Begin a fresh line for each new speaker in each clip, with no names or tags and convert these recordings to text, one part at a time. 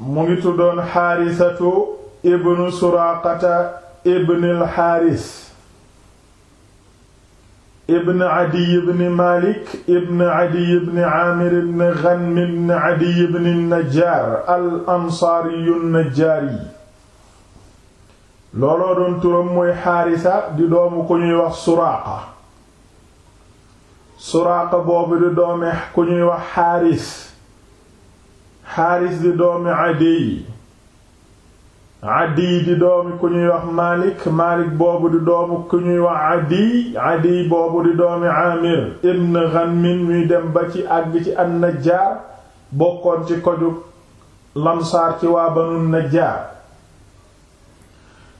mu ngi tuddoon xaarisatu ibnu suraqata ibnul xaaris ibn adiy ibn malik ibn adiy ibn aamir ibn ghanm ibn adiy ibn najjaar al ansaariyu najjaari looloo doon turam mooy xaarisa di doomu ku ñuy wax suraaqa suraaqa boobu di doome ku ñuy wax xaaris alxaaris di doomi adiy adiy di doomi ku ñuy wax maalik maalik boobu di doomi ku ñuy wax adiy adiy boobu di doomi amir ibn ghanmin muy dem ba ci àgg ci an najjaar bokkoon ci koju lamsaar ci waa banu najjaar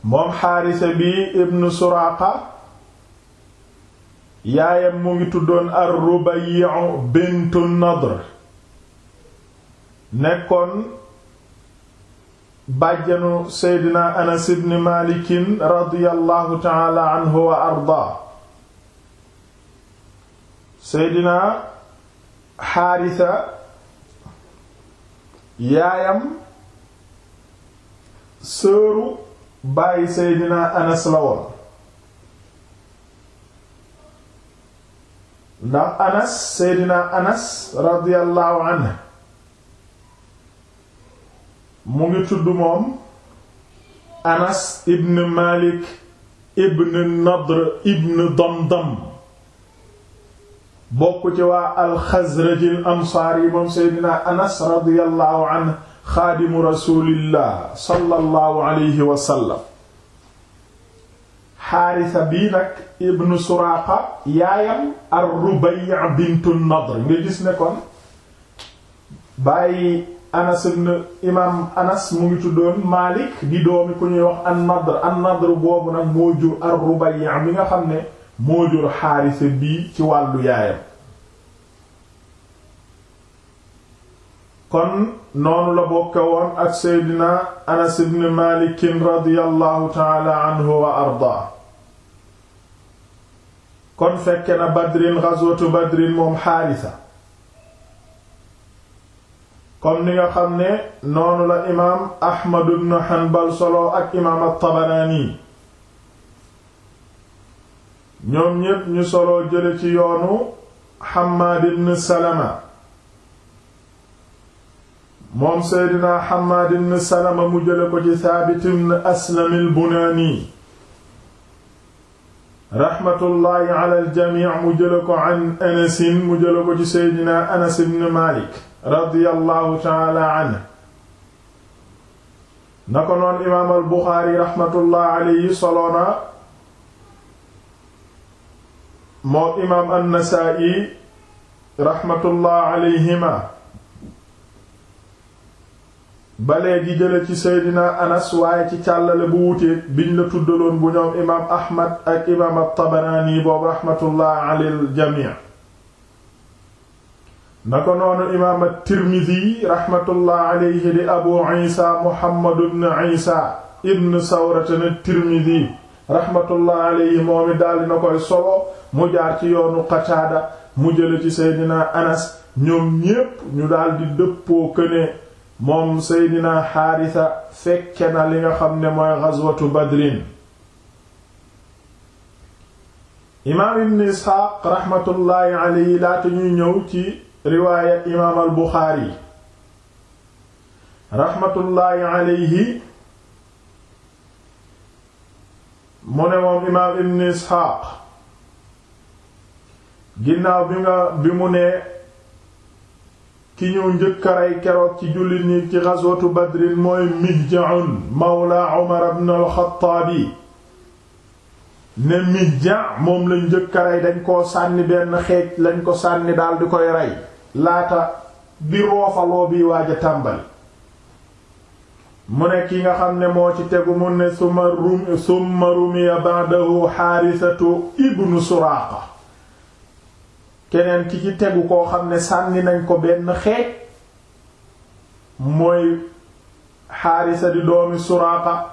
moom xaarisa bi ibn suraqa yaayam mu ngi tuddoon ar rubayyu bintu nadr nekkoon bàjjanu seydina anas ibn malikin radiyallahu taala anhu wa arda seydina xaarisa yaayam sëru bàyyi seydina anas la woon ndax anas seydina anas radiyallahu anhu mu ngi tudd moom anas ibn malik ibn nadr ibn damdam bokk ci waa alxazraji al ansaar yi moom seydina anas radiyallahu anhu xaadimu rasulillah sallallahu alayhi wa sallam xaarisa bii nag ibn suraaqa yaayam ar rubayya bintu nadr nga gis ne kon bàyyi Anas ibn imaam Anas mu ngi tuddoon Malik di doomi ku ñuy wax an-Nadr an-Nadr boobu nag moo jur ar-Rubayyi mi nga xam ne moo jur Xaarisa bii ci wàllu yaayam kon noonu la bokke woon ak Seydina Anas ibn Malik radiyallahu ta'ala anhu wa ardaa kon fekke na Badrin ghazwatu Badrin moom Xaarisa comme ni nga xam ne noonu la imaam Ahmad ibn Hanbal solo ak imaam at-Tabarani ñoom ñépp ñu solo jële ci yoonu Hammad ibn Salama moom Seydina Hammad ibn Salama mu jële ko ci Thabit ibn Aslam al-Bunani raxmatullaahi ala al-jamii' mu jële ko an Anas mu jële ko ci Seydina Anas ibn Malik radiyallahu taala anhu na ko noon imaam al buxaari raxmatullah alayhi soloona moom imaam annasaa'i raxmatullah alayhima balee gi jële ci seydina anas waaye ci càllale bu wuteeg biñ la tuddaloon bu ñoom imaam ahmad ak imaam altabaraani boobu raxmatullah alal jamii na ko noonu imaam at-Tirmidhi rahmatullah alayhi di abu isa muhammad ibn isa ibn sawratan at-Tirmidhi moom it daal dina koy solo mu jaar ci yoonu Qataada mu jële ci seydina anas ñoom ñépp ñu daldi di dëppoo këne moom seydina xaarisa fekke na li nga xam ne mooy ghazwatu badrin imaam ibn rahmatullahi alayhi laata ñuy ñëw ci riwaaya imaam al buxaari raxmatullaahi alayhi mu ne moom imaam ibn isxaaq ginnaaw bi nga bi mu ne ki ñëw njëkkaray keroog ci jullit ñi ci ghazwatu badrin mooy mihjaun mawla umar ibn al-xattaabi ne mihja moom lañ njëkkaray dañ koo sànni benn xeej lañ ko sànni daal di koy rey laata bi roofaloo bi waaj a tàmbali mu ne ki nga xam ne moo ci tegu mu ne summa rum summa rumiya ba'dahu xaarisatu ibnu suraaqa keneen ki ci tegu koo xam ne sànni nañ ko benn xeej mooy xaarisa di doomi suraaqa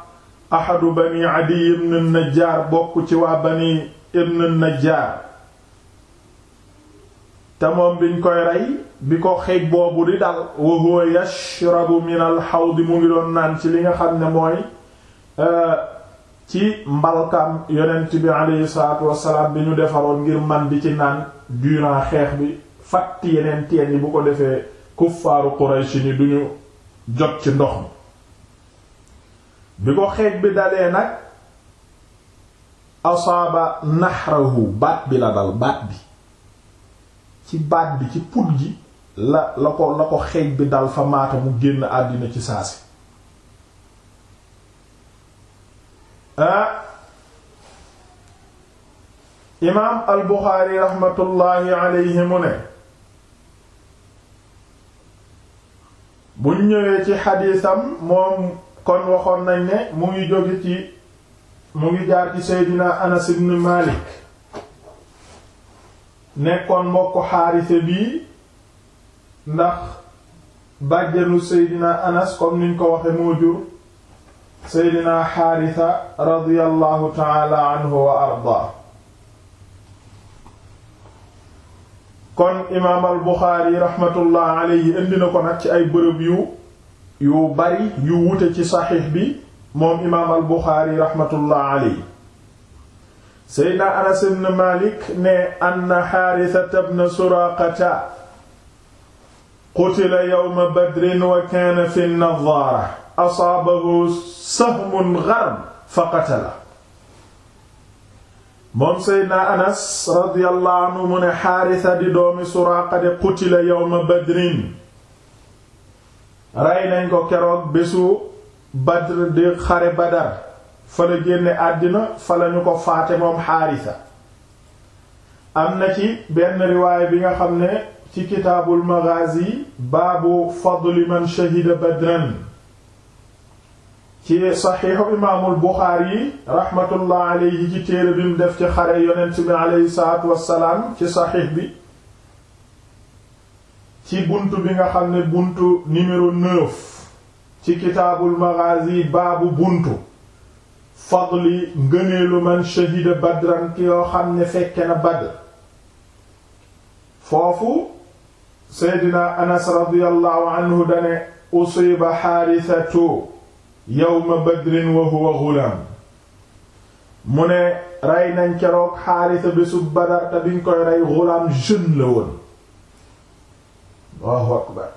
ahadu bani adiy ibn najjaar bokk ci waa bani ibn najjaar te moom biñ koy rey bi ko xeej boobu di dal wa huwa yashrabu min al hawd mu ngi doon naan ci li nga xam ne mooy euh, ci mbalkam yonent bi aleyhi salatu wasalaam bi ñu defaroon ngir man di ci naan durant xeex bi fàtt yeneen teen yi bu ko defee kuffaaru Quraysh ni duñu jot ci ndox mi bi ko xeej bi dalee nag asaaba nahrahu baat bi la dal baat bi ci baat bi ci put gi la la ko la ko xeej bi dal fa maata mu génn àddina ci saa si ah imaam al Buxaari raxmatullaahi alayhi mu ne bu ñëwee ci xadiisam moom kon waxoon nañ ne mu ngi jóge ci mu ngi jaar ci Seydina Anas ibn nekkoon mbokk xaarise bii ndax bàjjanu seydina anas comme niñ ko waxe moo jur seydina xaarisa radiyallahu taala anhu wa arda kon imaam al buxaari raxmatullah alayhi indi na ko nag ci ay bërëb yu yu bari yu wute ci saxiix bi moom imaam al buxaari raxmatullah alayhi seydna anas ibn malik ne anna xaarisata ibn suraqata qutila yawma badrin wa kaana fi nadaara asaabahu sahmun gharm fa qatala moom seydna anas radiyallahu anhu mu ne xaarisa di doomi suraaqa de qutila yawma badrin rey nañ ko keroog bésu badr di xare badar fa la génne àddina fa la ko faate moom xaarisa am na ci benn riwaay bi nga xam ne ci kitaabul maghazi baabu fadli man shahida badran ci saxiixu imaamul buxaari raxmatullah alayhi ci téere bi mu def ci xare yonent bi alayhi salaatu wassalaam ci saxiix bi ci bunt bi nga xam ne buntu numéro 9 ci kitaabul maghazi baabu buntu fadli ngëneelu man shahida badran ki yoo xam ne fekke na badr foofu seydina anas radiyallahu anhu dane usiba xaarisatu yawma badrin wa huwa ghulam mu ne rey nañ keroog xaarisa bésu badar te biñ koy rey ghulam jeune la woon Allahu akbar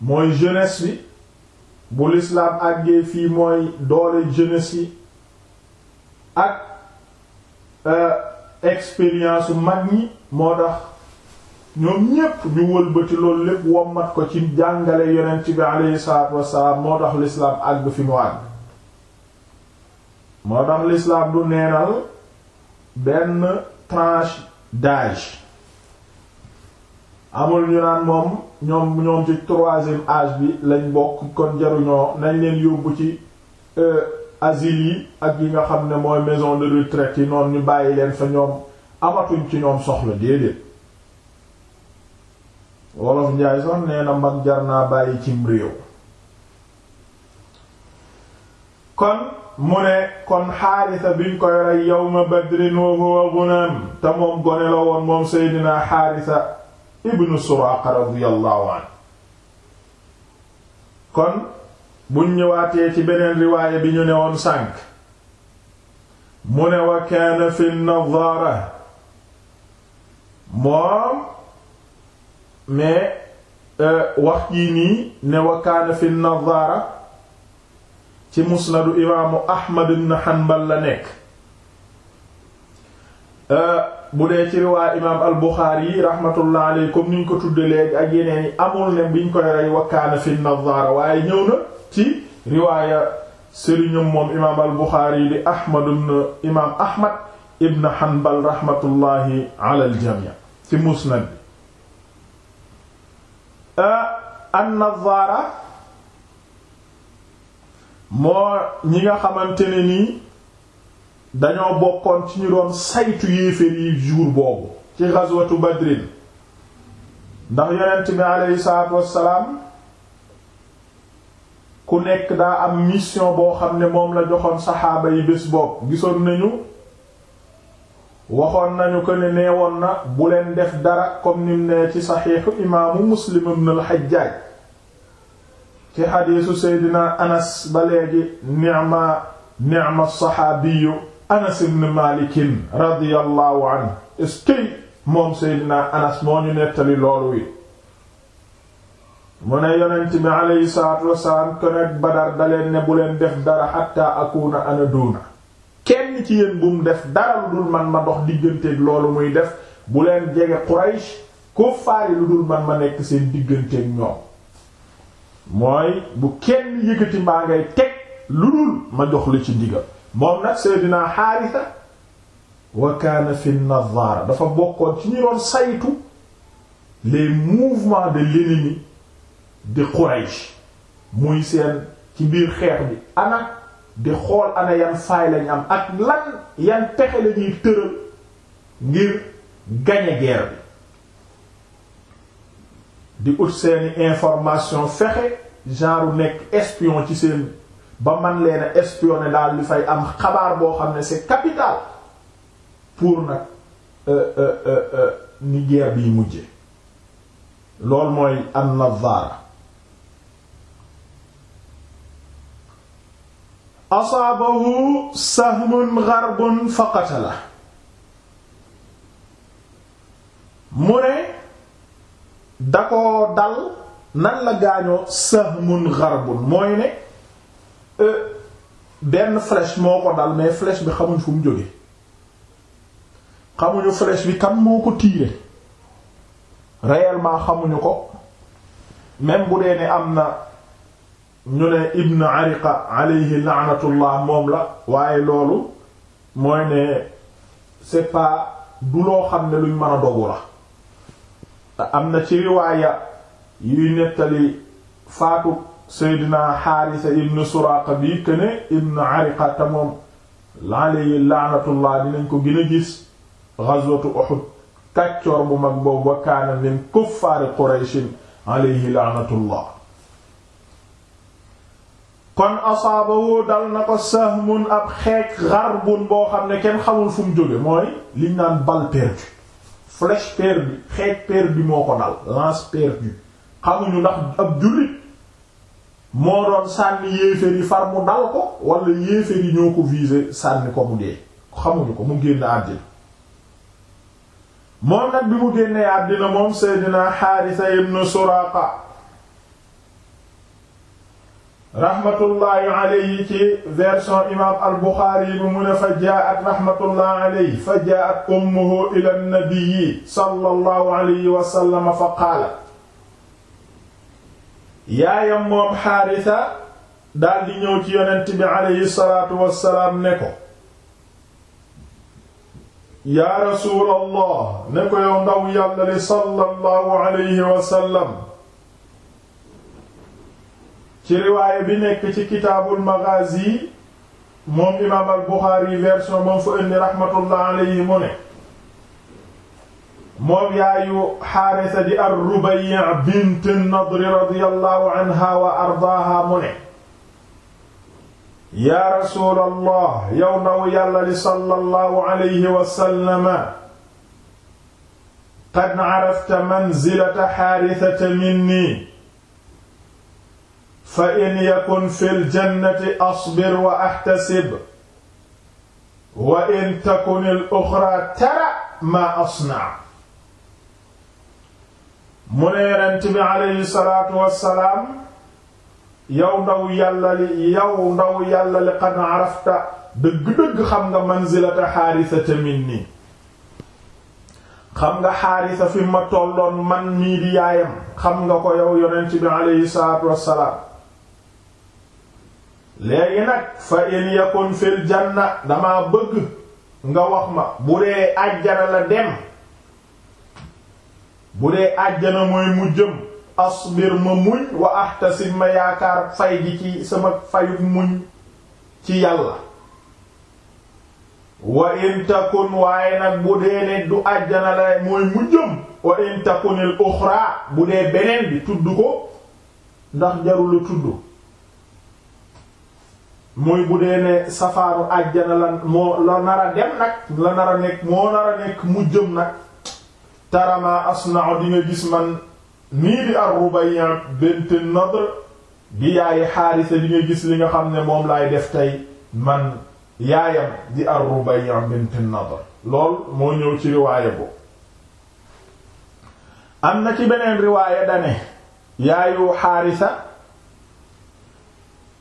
mooy jeunesse bi bu lislaam àggee fii mooy doole jeunesse yi ak euh, expérience mag ñi moo tax ñoom ñépp ñu wëlbati loolu lépp wommat ko ci jàngale yonent bi aleyhi salaatu wassalaam moo tax lislaam àgg fi mu àgg moo tax lislaam du neenal benn tranche d'âge amul ñu naan moom ñoom ñoom ci troisième âge bi lañ bokk kon jaruñoo nañ leen yóbbu ci euh, asile yi ak yi nga xam ne mooy maison de retraite yi noonu ñu bàyyi leen fa ñoom amatuñ ci ñoom soxla déedéet wolof njaay sax nee mag jar naa bàyyi cim réew kon mu ne kon xaarisa biñ koy rey yawma badrin wa huwa gunam te moom gone la woon moom seydinaa xaarisa ibnu Suraaqa radiyallahu anhu kon buñ ñëwaatee ci beneen riwaaya bi ñu newoon sànk mu ne wa fi nadaara moom mais euh, wax jii nii ne wa fi nadaara ci musnadu imaamu Ahmad ibn Hanbal la nekk euh, bu dee ci riwaa imaam al Buxaari yi rahmatullah alayhi comme niñ ko tudde léegi ak yeneen yi amul ne biñ koy rey wakkaana fi nazaara waaye ñëw na ci riwaaya sëriñum moom al Buxaari yi ci musnad bi moo ñi nga xamante ni nii dañoo bokkoon ci ñu doon saytu yéeféer yi jour boobu ci ghazwatu badrin ndax yonent bi aleyhi wassalaam ku nekk daa am mission boo xam ne moom la joxoon saxaaba yi bés boobu gisoon nañu waxoon nañu ko ne neewoon na bu leen def dara comme nim ne ci saxiixu imaamu muslim ibn al-Hajjaaj ci xadiisu seydina anas ba léegi ni'ma ni'ma saxaabiyu anas ibn malikin radiyallahu anhu est-ce que moom anas moo ñu nettali loolu wi mu ne yonent bi aleyhi salaatu wasalaam konek badar daleen ne bu leen def dara xatta akuna ana kenn ci yéen bu mu def dara lu dul man ma dox digganteeg loolu muy def bu leen jege quraysh ku faari lu dul man ma nekk seen digganteeg ñoom mooy bu kenn yëkkati maa ngay teg lu dul ma jox la ci ndigal moom nag Seydina Haarisa wa kaana fi nazaara dafa bokkoon ci ñu doon saytu les mouvements de l'ennemi de Quraysh muy seen ci biir xeex bi ana di xool ana yan faay lañ am ak lan yan pexe la ñuy ngir gagner guerre bi di ut seeni information fexe genre nekk espion ci seen ba man leen a espionner daal li fay am xabaar boo xam ne c'est capital pour nag euh, euh, euh, ni guerre bi mujje loolu mooy am na asaabahu sahmun gharbun faqatala mu ne da ko dal nan la gaañoo sahmun gharbun mooy ne Euh, benn flèche moo ko dal mais flèche bi xamuñ fu mu jóge xamuñu flèche bi kan moo ko tiré réellement xamuñu ko même bu dee ne am na ñu ne ibn ariqa alayhi la'natullah moom la waaye loolu mooy ne c'est pas du loo xam ne luñ mën a dogu la am na ci riwaaya yuy nettali faatu seydina xaarisa ibn suraqa bi këne ibn ariqa te moom alayhi laanatullah dinañ ko gën a gis ghazwatu uhud kàccoor bu mag boobu wa kaana min kuffaari qurayshin alayhi laanatullah kon asaabahu dal na ko sahmun ab xeej xarbun boo ne kenn xamul fu mu mooy liñ naan balle perdue flèche perdue xeej moo ko dal lance perdue xamuñu ndax ab jullit moo doon sànni yéeféer yi far mu dal ko wala yéeféer yi ñoo ko visé sànni ko mu dee xamuñu ko mu génn àddina moom nag bi mu génnee àddina moom seydina xaarisa ibn suraqa raxmatullaahi alayhi ci version imaam al-Buxaari bi mu ne fa jaat raxmatullaahi alayhi fa jaat ummuhu ila nabiyyi sallallahu alayhi wa sallam fa qaala yaayam moom xaarisa daldi ñëw ci yonent bi aleyhi salaatu wassalaam ne ko yaa rasuulallah ne ko yow ndaw yàlla li sallallahu alayhi wasallam ci riwaaye bi nekk ci kitaabul maghazi moom imaam al buxaari version moom fa indi raxmatullah alayhi ne moom yaayu xaarisa di ar-Rubayyi bint an-Nadr radiyallahu anha wa ardaaha mu ne yaa rasuulallah yow ndaw yàlla li sallallahu alayhi wa sallama qad carafta manzilata xaarisata minni fa in yakun fil jannati asbir wa ahtasib wa in takun al-uxra tara maa asnac mu ne yonent bi aleyhi salaatu wassalaam yow ndaw yàlla li yow ndaw yàlla li qad arafta dëgg-dëgg xam nga manzilata xaarisata minni xam nga xaarisa fi ma tolloon man mii yaayam xam nga ko yow yonent bi aleyhi salaatu wassalaam léegi nag fa in yakun fil janna dama bëgg nga wax ma bu dee àjjana la dem bu dee àjjana mooy mu jëm asbir ma muñ wa ahtasib ma yaakaar fay gi ci sama fayu muñ ci yàlla wa in waaye nag bu dee ne du àjjana la mooy mu jëm wa in takunil uxra bu dee beneen bi tudd ko ndax jarula tudd mooy bu dee ne safaaru àjjana la moo la nar dem nag la nar nekk moo nar nekk mu jëm nag tarama asna'u di nga gis man nii di ar-Rubayya bint Nadr di yaayi Haarisa di gis li nga xam ne moom lay def tey man yaayam di ar-Rubayya bint Nadr lool moo ñëw ci riwaaya bo am na ci beneen riwaaya dane yaayu Haarisa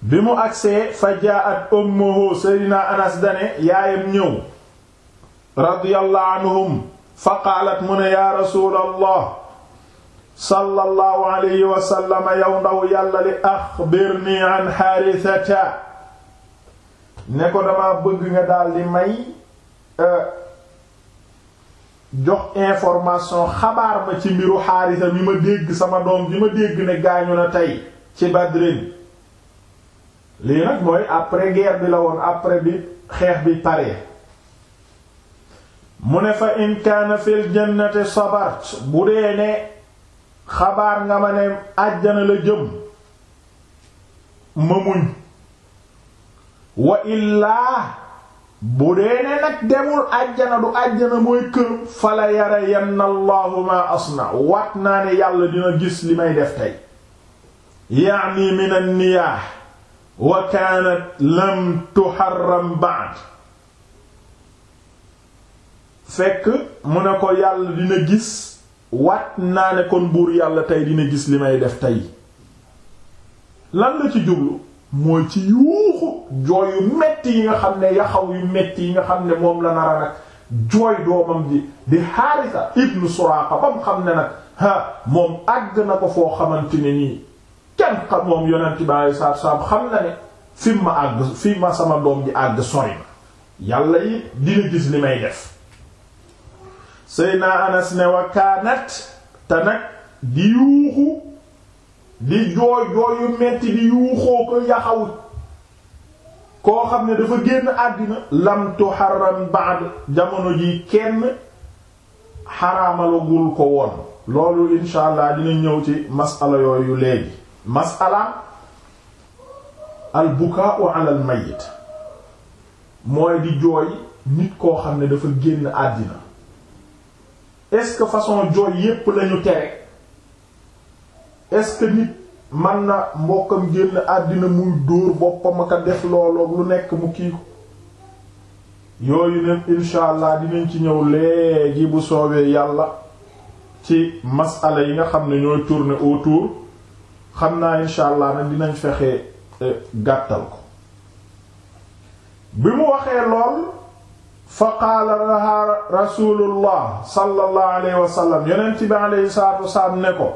bi mu agsee fa jaa'at ummuhu Seydina Anas dane yaayam ñëw radiyallahu fa qaalat mu ne yaa rasuulallah sallallahu alayhi wa yow ndaw yàlla li axbirnii an xaarisata ne ko damaa bëgg nga daldi may euh, jox information xabaar ma ci mbiru xaarisa mi ma dégg sama doom bi ma dégg ne gaañu na tey ci Badrin lii nag mooy après guerre bi la woon après bi xeex bi pare mu ne fa in kaana fil jannati sabart bu dee ne xabaar nga ma ne àjjana la jëm ma muñ wa illaa bu dee ne nag demul àjjana du àjjana mooy kër fa la yara yanna allahu asna wat naa ne yàlla dina gis li may def tey yaani min an wa kaanat lam tuharram ba'd fekk mu ne ko yàlla dina gis wat naa ne kon buur yàlla tey dina gis li may def tey lan la ci jublu mooy ci yuuxu jooy yu metti yi nga xam ne yaxaw yu metti yi nga xam ne moom la nara nag jooy doomam ji di Haarisa ibnu Suraaqa ba mu xam ne nag ha moom àgg na ko foo xamante ne nii kenn xam moom yonent bi alei saatu xam na ne fi ma àgg fi ma sama doom ji àgg sori na yàlla yi dina gis li may def Seyna Anas ne wa kaanat te nag di yuuxu di jooy jooy yu metti di yuuxoo ko yaxaw koo xam ne dafa génn àddina lam tuharram jamono ji kenn xaraamalagul ko woon loolu insha dina ñëw ci masala yu léegi masala al bukaa'u ala al mooy di jooy nit koo xam ne dafa génn àddina est-ce que façon jooy yépp lañu tere est-ce que nit man na mbokkam génn àddina muy dóor boppam aka a def looloog lu nekk mu kii ko yooyu nag insha allah dinañ ci ñëw léegi bu soobee yàlla ci masala yi nga xam ne ñooy tourner autour xam naa insha allah nag dinañ fexe eh, gàttal ko bi mu waxee lool fa qaala laha rasulullah sallallahu alayhi wa sallam yonent bi alayhi salaatu wasalaam ne ko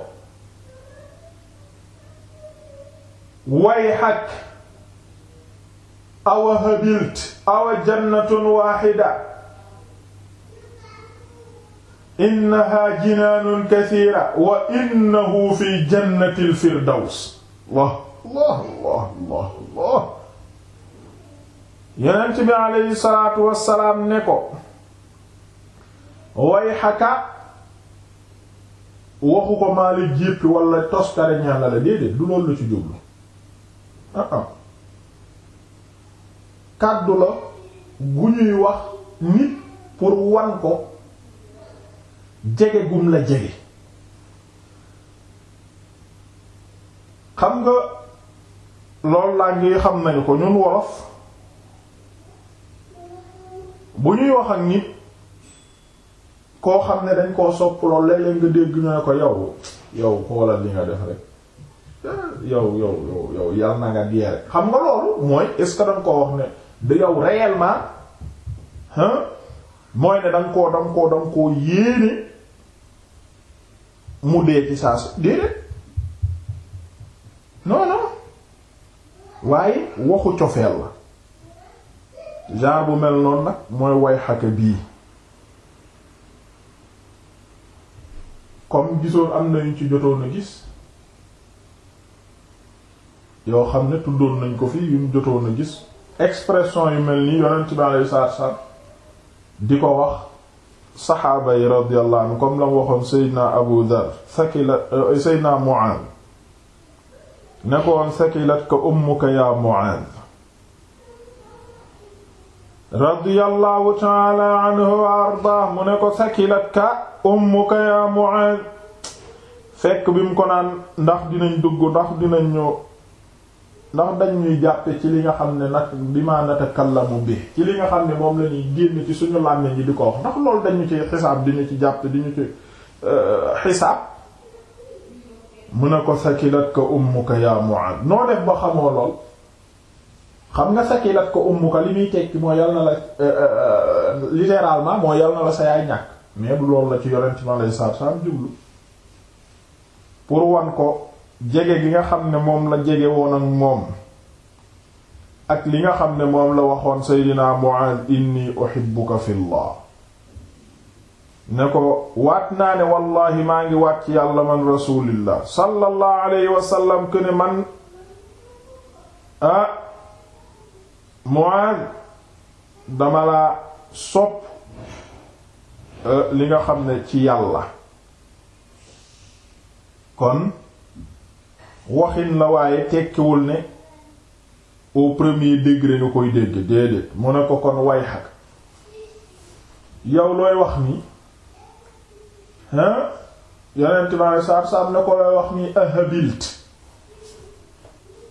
wayhak awa habilt awa jannatun waaxida innaha jinaanun kasiira wa innahu fi jannatil firdaws allah allah allah allah yonent bi aleyhi salaatu wassalaam ne ko way xaka waxu ko maa la jéppi wala toskare ñaan la la du loolu la ci jublu kàddu la gu ñuy wax nit pour wan ko jege gum la jege xam nga loolu laa ngi xam nañu ko ñun wolof bu ñuy wax ak nit koo xam ne dañ koo sopp lool léeg-léeg nga dégg ñu ko yow yow xoolal li nga def rek yow yow yow yow yal na nga dee rek xam nga loolu mooy est-ce koo wax ne da yow réellement hein mooy ne da koo da koo da nga koo yéene mu dee ci saa su déedéet non waaye waxu cofeel la genre bu mel noonu nag mooy way xaka bii comme gisoon am na yuñ ci jotoon a gis yoo xam ne tuddoon nañ ko fii yuñ jotoon a gis expression yu mel nii yonent bi alayhi salaatu salaam di ko wax saxaaba yi radiyallahu anhu comme la mu waxoon Seydina Abu Dhar sakila euh, Seydina Mu'aaz nekkoon sakilat ka ummuka yaa Mu'aaz radiyallahu taala anhu wa ardaa mu ne ko sakilatka ummuka ya Muaaz fekk bi mu ko naan ndax dinañ dugg ndax dinañ ñëw ndax dañ ñuy jàppe ci li nga xam ne nag bi ma natakallamu bi ci li nga xam ne moom la génn ci suñu làmmiñ yi di ko wax ndax loolu dañu ci xisaab diñu ci jàpp diñu ci euh, xisaab mu ne ko sakilatka ummuka ya Muaaz noo def ba xamoo lool xam nga sakilat ko ummuka li muy tekki moo yal na la euh, euh, euh, littéralement moo yal na la sa yaay ñàkk mais du loolu la ci yonent ma lay jublu pour wan ko jege gi nga xam ne moom la jege moom ak li nga xam ne moom la waxoon seydina Muaaz inni uhibbuka fillah ne ko waat naa ne wallahi maa ngi waat ci yàlla man rasulillah sallallahu alayhi wa sallam ne man ah, Muaaz dama la sopp euh, li nga xam ne ci yàlla kon waxin la waaye tekkiwul ne au premier degré ñu koy dégg déedéet mu ne ko kon way xag yow looy wax mi hein yonent ma saab-saab ne ko looy wax ni ahabilt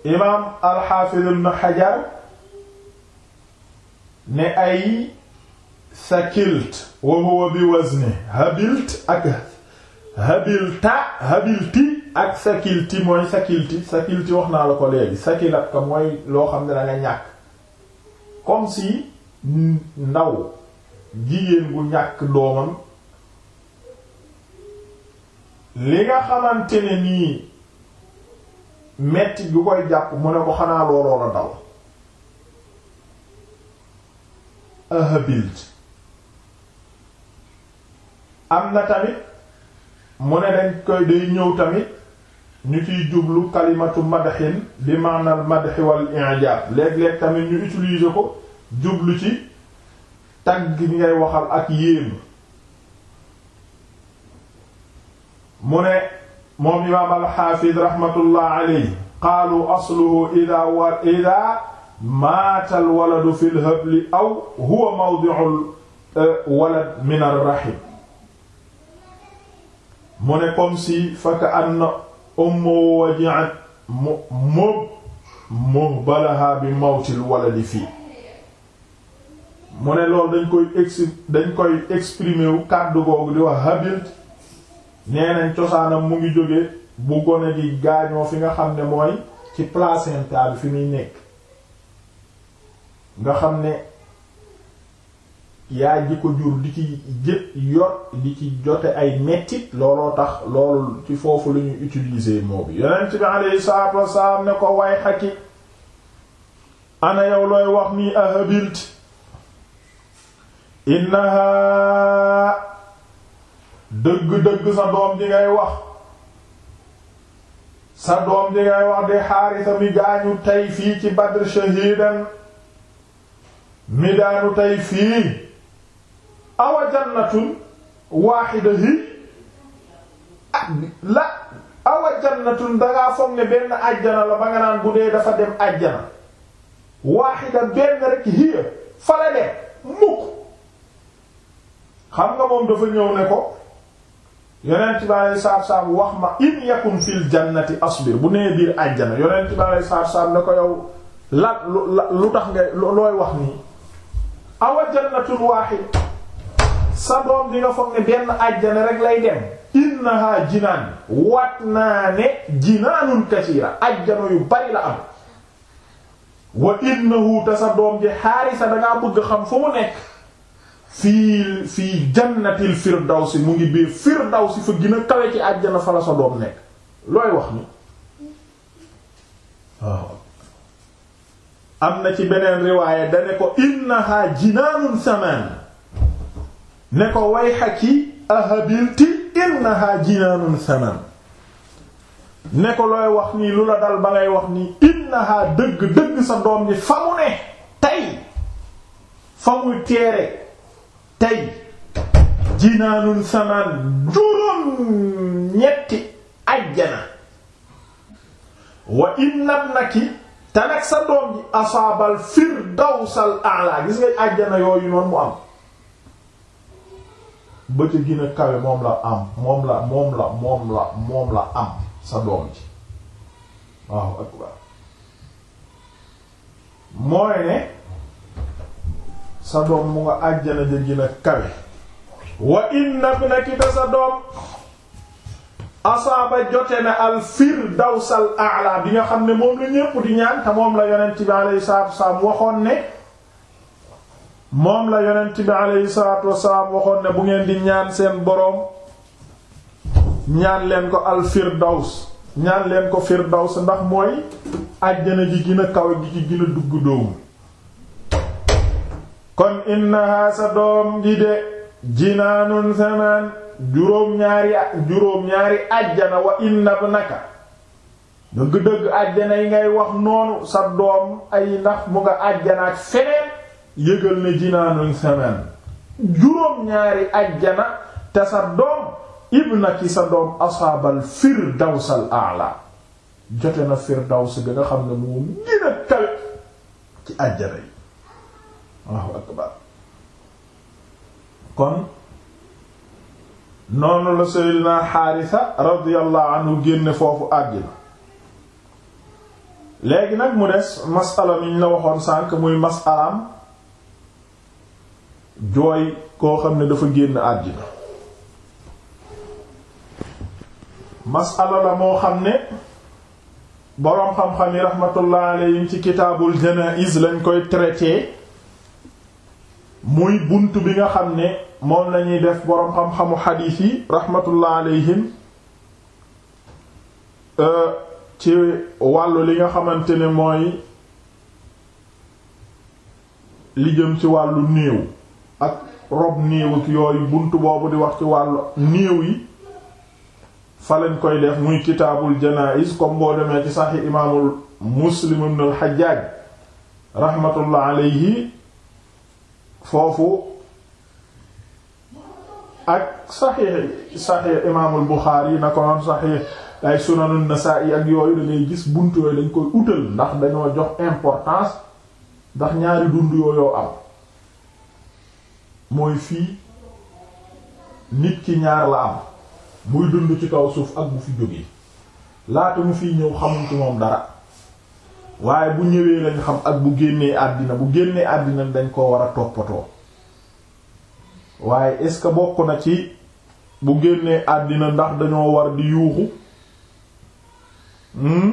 imaam al-Hafiz ibn ne ay sakilt wa huwa bi wazni habilt ak habilta habilti ak sakilti mooy sakilti sakilti wax naa la ko léegi sakilat ka mooy loo xam ne da nga ñàkk comme si ndaw jigéen gu ñàkk doomam li nga xamante ne nii metti gu koy jàpp mu ne ko xanaa looloo la daw ahabilt am na tamit mu ne dañ koy day ñëw tamit ñu ciy jublu kalimatu madxin bi maanal madxi wal i'jaab léeg-léeg tamit ñu utiliser ko jublu ci tagg gi ngay waxal ak yéem mu ne moom imaam alxaafid raxmatullah alayhi qaalu asluhu ida war ida maata al waladu fi lhabli aw huwa mawdi'ul eh, walad min ar-rahim mu ne comme si faka anna ummu waji'at mub muhbalaha bi mawtil waladi fii mu ne loolu dañ koy ex dañ koy exprimer wu kàddu googu di wax habilt nee cosaanam mu ngi jóge bu gone gi gaañoo fi nga xam ne mooy ci placenta bi fi muy nekk nga xam ne yaa ji ko jur di ci jë yot di ci jote ay mettit looloo tax loolu ci foofu lu ñu utiliser moo bi yonent bi alayhi salaatu wasalaam ne ko way xaki ana yow looy wax nii ahabilt innaha dëgg-dëgg sa doom ji ngay wax sa doom ji ngay wax di xaarisa mi gaañu tey fii ci Badr shahidan mi daanu tey fii awa jannatun waaxida hi la awa jannatun dangaa foog benn ajjana la ba nga naan bu dee dafa dem ajjana waaxida benn rek hiya fala de mukk xam nga moom dafa ñëw ne ko yonent bi alei saatu wax ma in yakun fil jannati asbir bu nee biir ajjana yonent bi alei saatu salaam ko yow la lu tax nga looy wax nii awa jannatul waaxid sa doom di foog ne benn àjjana rek lay dem innaha jinaan wat naa ne jinaanun kasiira àjjana yu bari la am wa innahu te sa doom ji xaarisa dangaa bëgg xam fu mu nekk fii fii jannatil firdawsi mu ngi biir firdawsi fa gën a kawe ci àjjana fa la sa doom nekk looy wax ni waaw am na ci beneen riwaaya dane ko innaha jinaanun samaan ne ko way xaki ahabilti innaha jinaanun samaan ne ko looy wax nii lu la dal ba ngay wax nii innaha dëgg dëgg sa doom ji fa mu ne tey fa muy teere tey jinaanun samaan juróom ñetti ajjana wa innam naki te nag sa doom ji asaabal firdawsal a'la gis ngay àjjana yooyu noonu mu am ba ca gën kawe moom la am moom la moom la moom la am sa doom ji waaw akbar mooy ne sa doom mu nga àjjana ja gën kawe wa inna ibnaki ta sa doom asaaba jote na al firdawsal a'la bi nga xam ne moom la ñépp di ñaan te moom la yonent bi alayhi sa wasalaam waxoon ne moom la yonent bi alayhi salaatu wasalaam waxoon ne bu ngeen di ñaan seen boroom ñaan leen ko al firdaws ñaan leen ko firdaws ndax mooy àjjana ji gën a kawe gi ci gën dugg doomu kon innaha sa doom ji de jinaanun samaan juróom-ñaari juróom-ñaari àjjana wa inna ibnaka dëgg-dëgg àjjana yi ngay wax noonu sa doom ay ndax mu nga àjjana ak feneen yëgal ne jinaanun saman juróom-ñaari àjjana te sa doom ibnaki sa doom asaabal firdawsal a'la jote na firdaws bi nga xam ne moom gën a kawe ci àjjana yi waaw akbar kon noonu la sayyidina xaarisa radiyallahu anhu génne foofu àddina léegi nag mu des masala mi la waxoon sànq muy masalaam jooy koo xam ne dafa génn àddina masala la moo xam ne boroom xam-xam yi rahmatullah alayhim ci kitaabul janaiz lañ koy traité muy bunt bi nga xam ne moom lañuy def boroom xam-xamu xadiis yi raxmatullah alayhim euh, ci wàllu li nga xamante ne mooy li jëm ci wàllu néew ak rob néew ak yooyu bunt boobu di wax ci wàllu néew yi fa koy def muy kitaabul janaïs comme boo demee ci saxi imaamul muslim ibn al xajjaaj raxmatullah alayhi foofu ak saxiix yi saxiix imaamul Buxaari na ko noon saxiix ay sunanun Nasaa'i ak yooyu da gis buntu yooyu dañ koy utal ndax dañoo jox importance ndax ñaari dund yooyu am mooy fii nit ki ñaar la am muy dund ci kaw suuf ak bu fi jógee laata mu fiy ñëw xamuñ ci moom dara waaye bu ñëwee lañ xam ak bu génnee àddina bu génnee àddina dañ ko war a toppatoo waaye est-ce que bokk na ci bu génnee àddina ndax dañoo war di yuuxu hmm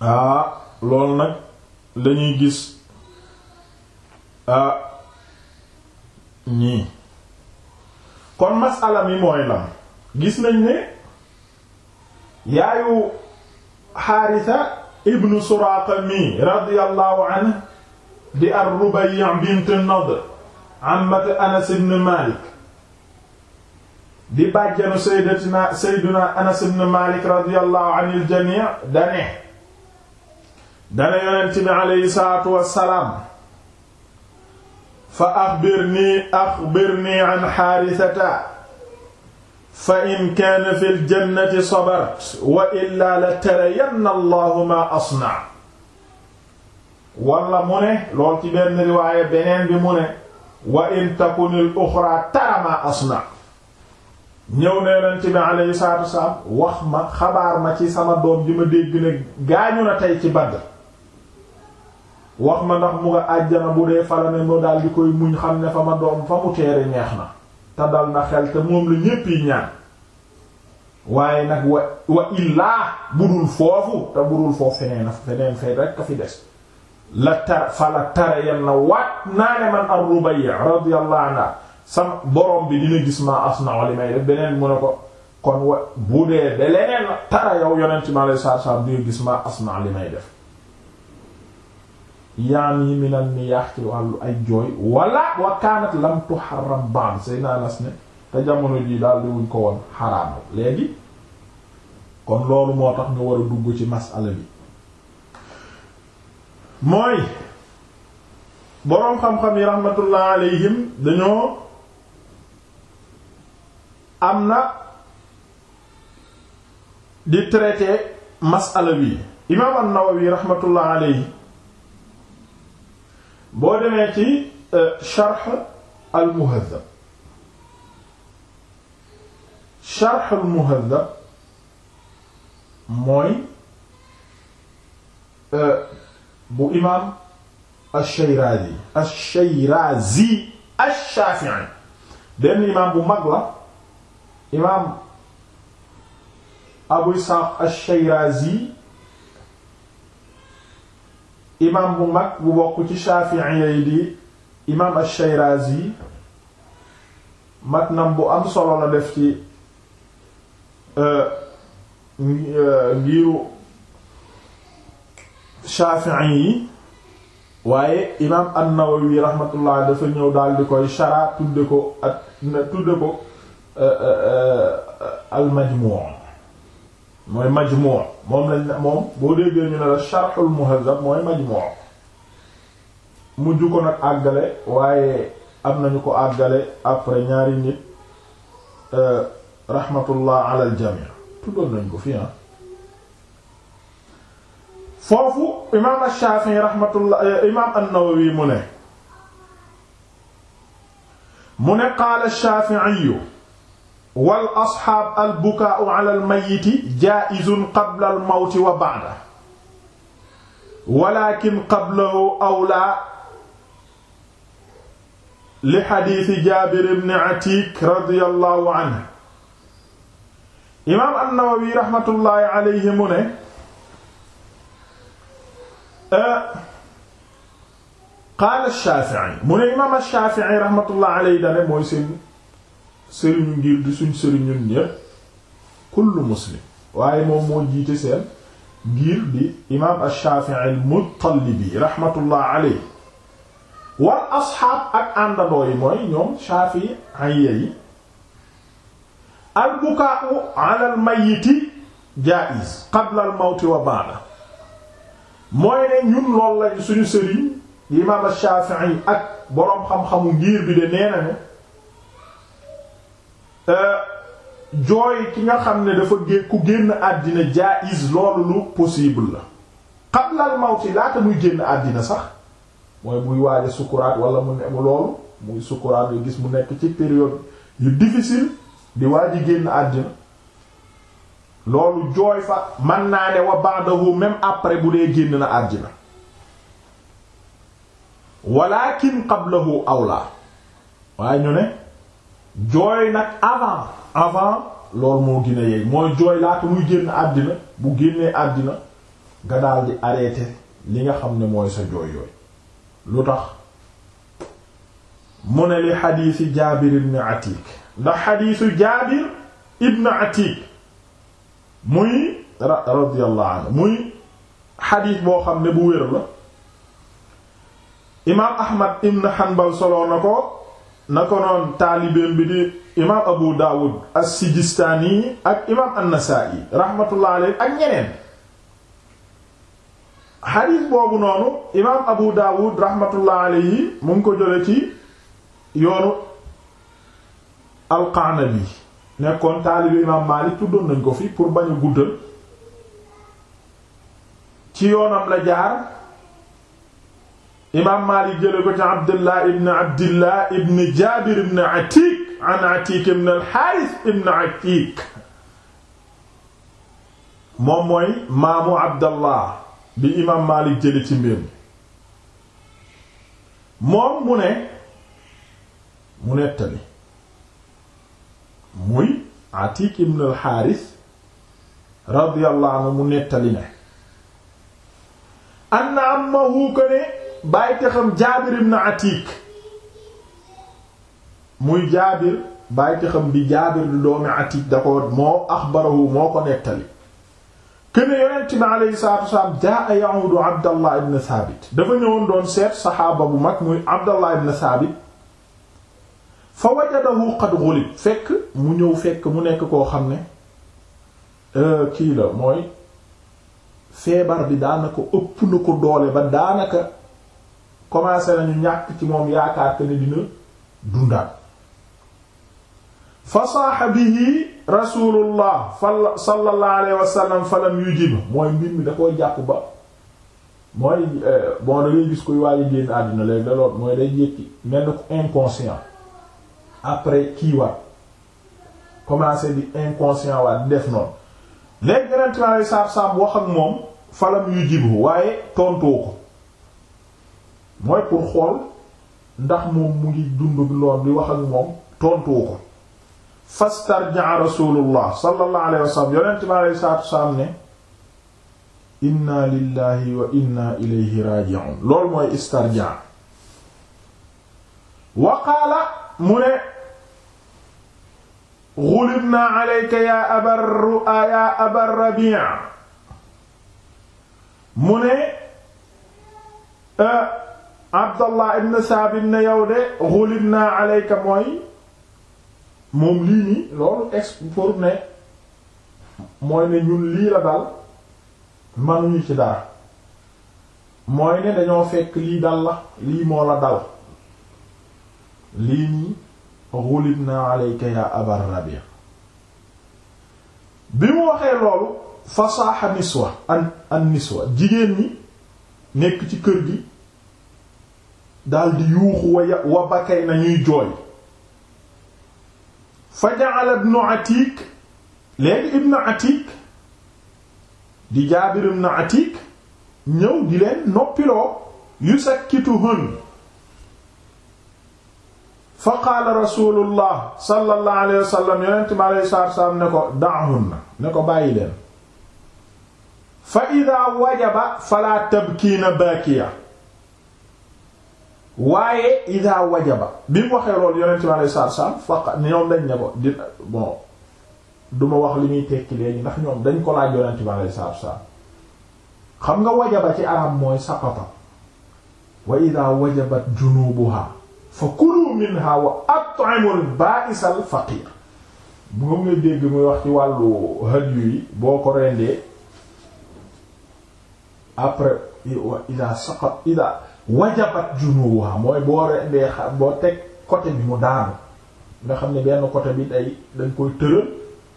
ah, nag lañuy gis ah, ñii kon masala mi mooy lam gis nañ ne yaayu xaarisa ibnu suraqa mi radiyallahu anhu di ar-Rubayyi bint an amatu Anas ibn Malik di bàjjanu sayyidatina sayyiduna Anas ibn Malik radiyallahu anil jamii dane dane yonent bi alayhi salaatu wassalaam fa axbirnii axbirnii an xaarisata fa in kaana fi ljannati sabart wa illaa la tarayanna allahu ma asna walla mu ne lool ci benn riwaaya beneen bi mu ne wa in takunil uxra tarama asna ñëw ne yonent bi alayhi salaatu wax ma xabaar ma ci sama doom ji ma dégg ne gaañu na tey ci Badr wax ma ndax mu nga àjjana bu dee fala ne mu daal di koy muñ xam ne fa ma doom fa mu teere neex na te dal na xel te moom la ñépp yi ñaan waaye nag wa wa illaa budul foofu te budul foofu feneen feneen fee rekk a fi des la tar fa la tare yan waat naa ne man ar-Rubayyi radiyallahu anha sam borom bi dina gis ma asnaa li may def beneen mu ne ko kon wa bu dee de tara yow yonent ma asnaa li may def yaam yi minan niyaax ci wàllu ay jooy wala wa kaanat lam tuharram ba'd say naa nas ne te jamono jii daal di ko woon xaraamal léegi kon loolu moo tax nga war a dugg ci masala bi mooy boroom xam-xam yi rahmatullah alayhim dañoo am na di traiter masala bi imaam an-Nawawi rahmatullah alayhi boo demee ci euh, sharh al-Muhadhab sharh al-Muhadhab mooy euh, bu imaam ash-Shirazi ash-Shirazi ash-Shafi'i bu mag la imaam Abu Ishaq ash-Shirazi imaam bu mag bu bokk ci Shafi'i yi di imaam ash-Shirazi matnam bu am solo la def ci euh, euh, ngiru Shafi'i yi waaye imaam an-Nawawi rahmatullah dafa ñëw daal di koy shara tudde ko ak tudde ko euh, euh, euh, al-Majmu' mooy Majmu' moom lañ ne moom boo déggee ñu ne la sharhul muhazzab mooy Majmu' mujj ko nag àggale waaye am nañu ko àggale après ñaari nit rahmatullah ala al-jami' tuddoon nañ ko fii ah foofu imaam Ash-Shafi'i rahmatullah eh, imaam An-Nawawi mu ne mu ne qaala Ash-Shafi'i wal asxaab al bukaa'u ala al mayyiti jaa'izun qabla al mawti wa ba'da walaakin qablahu awlaa li xadiisi Jaabir ibn Atiik radiyallahu anhu imaam An-Nawawi rahmatullahi alayhi mu ne. qaala Shaafi'i mu ne imaam Shaafi'i rahmatullah alayhi dane mooy seen sëriñu ngir di suñ sëriñun ñépp kullu muslim waaye moom moo jiite seen ngir di imaam Shaafi'i al-Muttalibi rahmatullah alayhi wal asxaab ak àndandoo yi mooy ñoom Shaafi'i yi al bukaa'u ala al mayyiti jaa'iz qabla al mawti wa ba'da mooy ne ñun lool lañu suñu sëriñ imaam Shafi'i ak boroom xam-xamu ngir bi de nee ne euh, jooy ki nga xam ne dafa gé ku génn àddina jaiz loolu lu possible la qabla al mawti laata muy génn àddina sax mooy muy waaja sukuraat wala mu ne loolu muy sukuraat yu gis mu nekk ci période yu difficile di waaj a génn àddina loolu jooy fa man naa ne wa ba'dahu même après bu dee génn na àddina walakin qablahu awla waaye ñu ne jooy nag avant avant loolu moo gën yeey mooy jooy laata muy génn àddina bu génnee àddina nga daal di li nga xam ne mooy sa jooy yooyu lu tax mu ne li xadiisi jaabir ibn atik ndax xadiisu jaabir ibn atik muy radiyallahu anhu muy xadiis boo xam ne bu wér la imaam ahmad ibn hanbal solo na ko na ko noon taalibeen bi di imaam abu daawud as-sijistaani ak imaam an-nasaa'i rahmatullah alayhi ak ñeneen xadiis boobu noonu imaam abu daawud rahmatullah alayhi mu ngi ko jële ci yoonu al-qanabi nekkoon taalibe imaam Maalik tuddoon nañ ko fi pour bañ guddal ci yoonam la jaar imaam Maalik jële ko ci Abdullah ibn Abdillah ibn Jaabir ibn Atiik an Atiik ibn al ibn Atiik moom mooy maamu Abdallah bi imaam Maalik jële ci mbir moom mu ne mu nettali muy Atik ibn al-Harith radiyallahu mu nettali ne anna ammahu ko ne bàyyi te Jaabir ibn Atik muy Jaabir bàyyi te bi Jaabir di doomi Atik da moo axbarahu moo ko nettali kene yonent bi aleyhi salatu wasalaam jaa ya'udu Abdallah ibn Thabit dafa ñëwoon doon seet saxaaba bu mag muy Abdallah ibn Thabit fa wajadahu qad ghulib fekk mu ñëw fekk mu nekk koo xam ne euh, kii la mooy feebar bi daanaka ëpp na ko doole ba daanaka commencé nañu ñàkk ci moom yaakaar que ne dina dundaat fa saaxa bihi rasulullah fa sallallahu alayhi wa sallam falam yujib mooy mbir mi da koy jàpp ba mooy euh, bon da ngay gis koy waaye génn àddina léegi da mooy day jékki mel na ko inconscient après kii waat commencé di inconscient waat di def noonu léegi yeneen tubaab yi saabsaab wax ak moom falam yu jibu waaye tontoo ko mooy pour xool ndax moom mu ngi dund lool di wax ak moom tontoo ko. fastarjaa rasulullah sallallahu alayhi wa sallam yonent bi alayhi wasalaam ne inna lillahi wa inna ilayhi raaji'un loolu mooy istarjaa wa mu ne xulibnaa mu ne eh, abdallah ibn saabit ne yow de xulibnaa aleyka mooy moom lii nii loolu export ne mooy ne ñun lii la dal man ñu ci dara mooy ne dañoo fekk lii dal la lii moo la dal lii nii ghulibna alayka ya aba rabi' bi mu waxee loolu fasaaxa niswa an an niswa jigéen ñi nekk ci kër gi daldi yuuxu wa ya wa bakay na ñuy jooy fa ja'ala ibnu atik léegi ibnu atik di jaabir ibnu atik ñëw di leen noppiloo yusakkituhun fa qaala rasulullah sallallahu alayhi wa sallam yonent mi alayhi salaatu wa salaam ne ko da'hunna ne ko bàyyi leen fa ida wajaba fala tabkiina baakiya waaye ida wajaba bi mu waxee loolu yonent mi alayhi salaatu wa salaam faqa ñoom wax li muy tekki léegi dañ ko laaj yonent mi alayhi xam nga wajaba ci arab mooy saqata wa ida wajabat junubuha fa kulu minha wa at'imul ba'isal faqir moom ngay dégg muy wax ci wàllu hadyu yi boo ko rendee après ida saqat ida wajabat junuha mooy boo rendee xa boo teg côté bi mu daanu nga xam ne benn côté bi day dañ koy tëral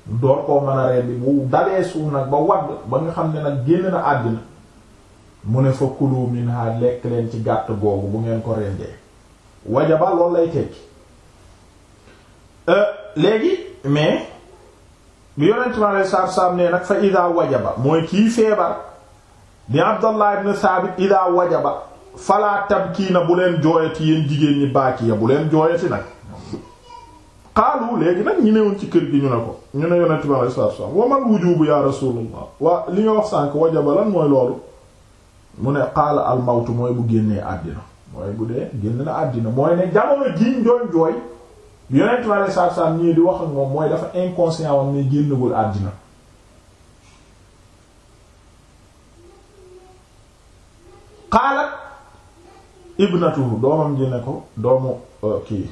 door koo mën a rendi bu dalee suuf nag ba wadd ba nga xam ne nag génn na àddina mu ne fa kulu minha lekk leen ci gàtt googu bu ngeen ko rendee wajaba loolu lay tekki euh, léegi mais bi yonent mi alei saatu salaam ne nag fa ida wajaba mooy kii feebar di Abdallah ibn Saabit ida wajaba falaa kii na bu leen jooyati yéen jigéen ñi baaki ya bu leen jooyati nag xaalu léegi nag ñu newoon ci kër gi ñu ne ko ñu ne yonent bi alei saatu salaam wamal wujubu ya rasulullah waa li nga wax sànk wajaba lan mooy loolu mu ne qaala al mawtu mooy bu génnee àddina mooy bu dee génn na àddina mooy ne jamono jiñ doon jooy yonent bi alei satu salaam ñii di wax ak moom mooy dafa inconscient wam ne génnagul àddina xaalat ibnatuhu doomam ji ko doomu uh, kii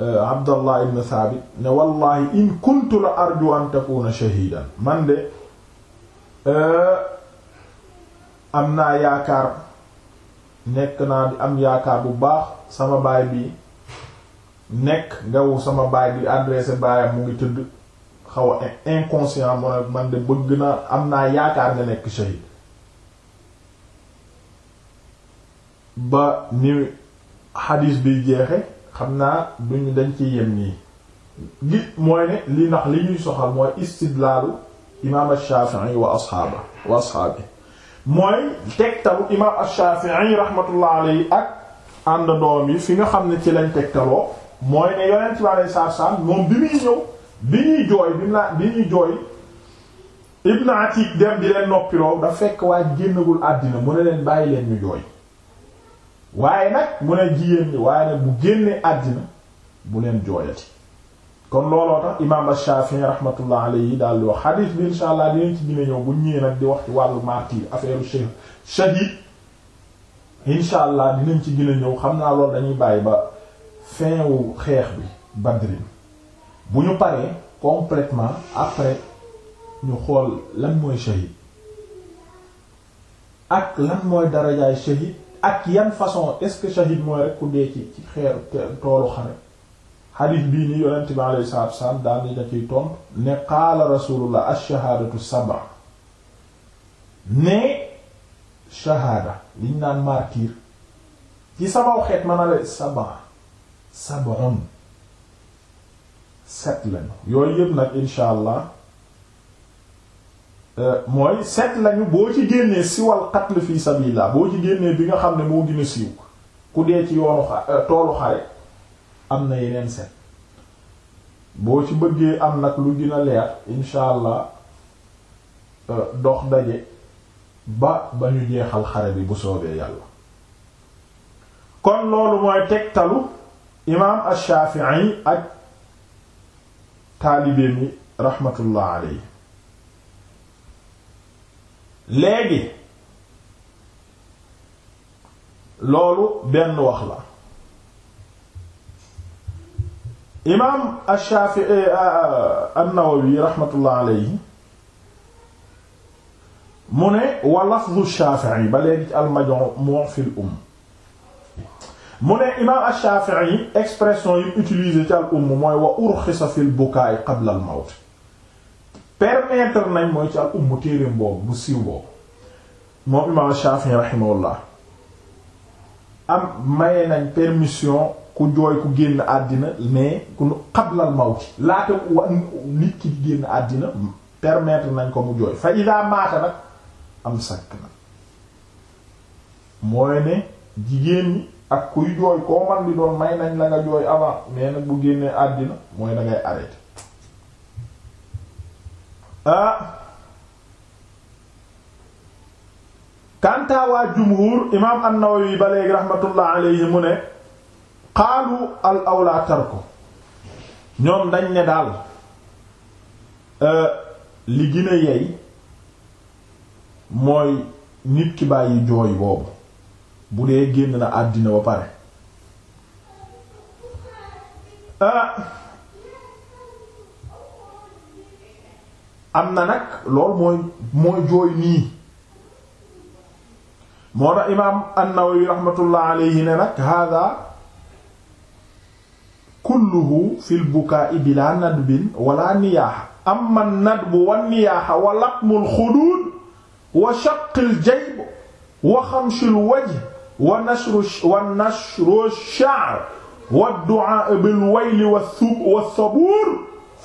uh, abdallah ibn thabit ne wallahi in kuntu la arju an man de uh, am naa yaakaar nekk naa di am yaakaar bu baax sama baay bi nekk ngawu sama baay bi adressé baayam mu ngi tëdd xaw a inconscient mu ne man de bëgg na am naa yaakaar nga nekk shahid ba ni xadiis bi jeexe xam naa duñu dañ ci yem nii gi mooy ne li ndax li ñuy soxal mooy istidlaalu imaam Shaafi'i wa asxaaba wa asxaabi mooy tegtalu imaam ash-Shafi'i rahmatullah alayhi ak ànd yi fi nga xam ne ci lañ tegtaloo mooy ne yonent bi alayhi salaatu salaam moom bi muy ñëw bi ñuy jooy bi mu la bi ñuy jooy Ibn Atik dem di leen noppiloo da fekk waaye génnagul àddina mu ne leen bàyyi leen ñu jooy waaye nag mu ne jigéen waaye nag bu génnee àddina bu leen jooyati kon looloo tax imaam Shaafi'i rahmatullah yi daal di wax xadiis bi insha allah dinañ ci gën a bu ñëwee nag di wax ci wàllu martyr affaire shahid shahid insha allah dinañ ci gën a ñëw xam naa loolu dañuy bàyyi ba fin wu xeex bi Badrin bu ñu paree completement après ñu xool lan mooy shahid ak lan mooy darajaay shahid ak yan façon est-ce que shahid mooy rek ku dee ci ci xeeru toolu xare xadis bii nii yonent bi alayhi salaatu wa salaam daal di ciy tontu ne qaala rasulullah ash-shahaadatu sab'a ne shahaada liñ naan martyr ci sama xeet ma na la sab'a sab'un set lañu yooyu yëpp nag insha allah euh, mooy set lañu boo ci génnee siwal qatl fi sabilillah boo ci génnee bi nga xam ne moo gën a siiw ku dee ci yoonu xa euh, toolu xare am na yeneen set boo ci bëggee am nag lu gën a leer incha euh, dox daje ba ba ñu jeexal xare bi bu soobee yàlla kon loolu mooy tegtalu imaam ash-Shafi'i ak taalibeem yi rahmatullah alayhi léegi loolu benn wax la imaam Ash-Shafi'i eh, eh, eh, An-Nawawi rahmatullah alayhi mu ne wa lafdu Shafi'i ba léegi al-Majmu' fi al-Umm mu ne imaam Ash-Shafi'i expression yi utilisé ci al-Umm mooy wa urxisa fi al-bukaa qabla al-mawt permettre nañ mooy ci al-Umm téereem boobu bu siiw boobu moom imaam Ash-Shafi'i rahimahullah am maye nañ permission ku jooy ku génn àddina mais ku xablal mawti laata wa nit ki génn àddina permettre nañ ko mu jooy fa ida maata nag am sakk na mooy ne jigéen ñi ak kuy jooy koo man di doon may nañ la nga jooy avant mais nag bu génnee àddina mooy da ngay arrêté ah kanta waa jumhur imam an-Nawawi ba léegi rahmatullah alayhi mu ne xaalu al awla tarku ñoom dañ ne daal euh, li gën a yey mooy nit ki bàyyi jooy boobu bu dee génn na àddina ba pare euh, am na nag lool mooy mooy jooy nii moo tax imaam an-Nawawi alayhi ne nag hada kulluhu fil bukaa'i bilaa nadbin wala niyaaha amma nadbu wa niyaaha wa latmul xuduud wa shaqqil jayb wa xamshil wajh wa nashru wa nashru sha'r wa du'aa bil wayli wa sabuur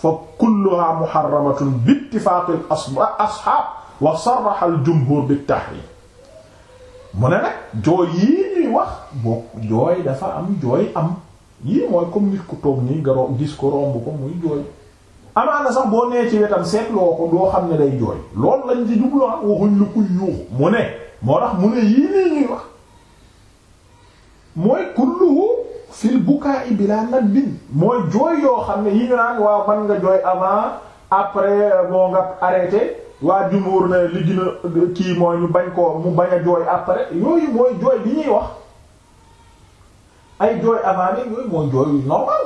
fa kulluhaa muharramatun bi ittifaaqil ashaab wa sarraxal jumhuur bit tahriim mu ne nag jooy yii ñuy wax boo jooy dafa am jooy am. yii mooy comme nit ku toog nii nga gis ko romb ko muy jooy amaana sax boo nee ci wetam seetloo ko doo xam ne day jooy loolu lañ ci jublu ah, waxuñ lu kuy yuuxu mu ne moo tax mu ne yii nii ñuy wax mooy kulluhu fil buka'i bila nadbin mooy jooy yoo xam ne yi ñu naan waaw man nga jooy avant après moo nga arrêté waa jumóor na li gën a kii mooy ñu bañ ko mu bañ a jooy après yooyu mooy jooy bi ñuy wax ay jooy avant ne yooyu mooy jooy normal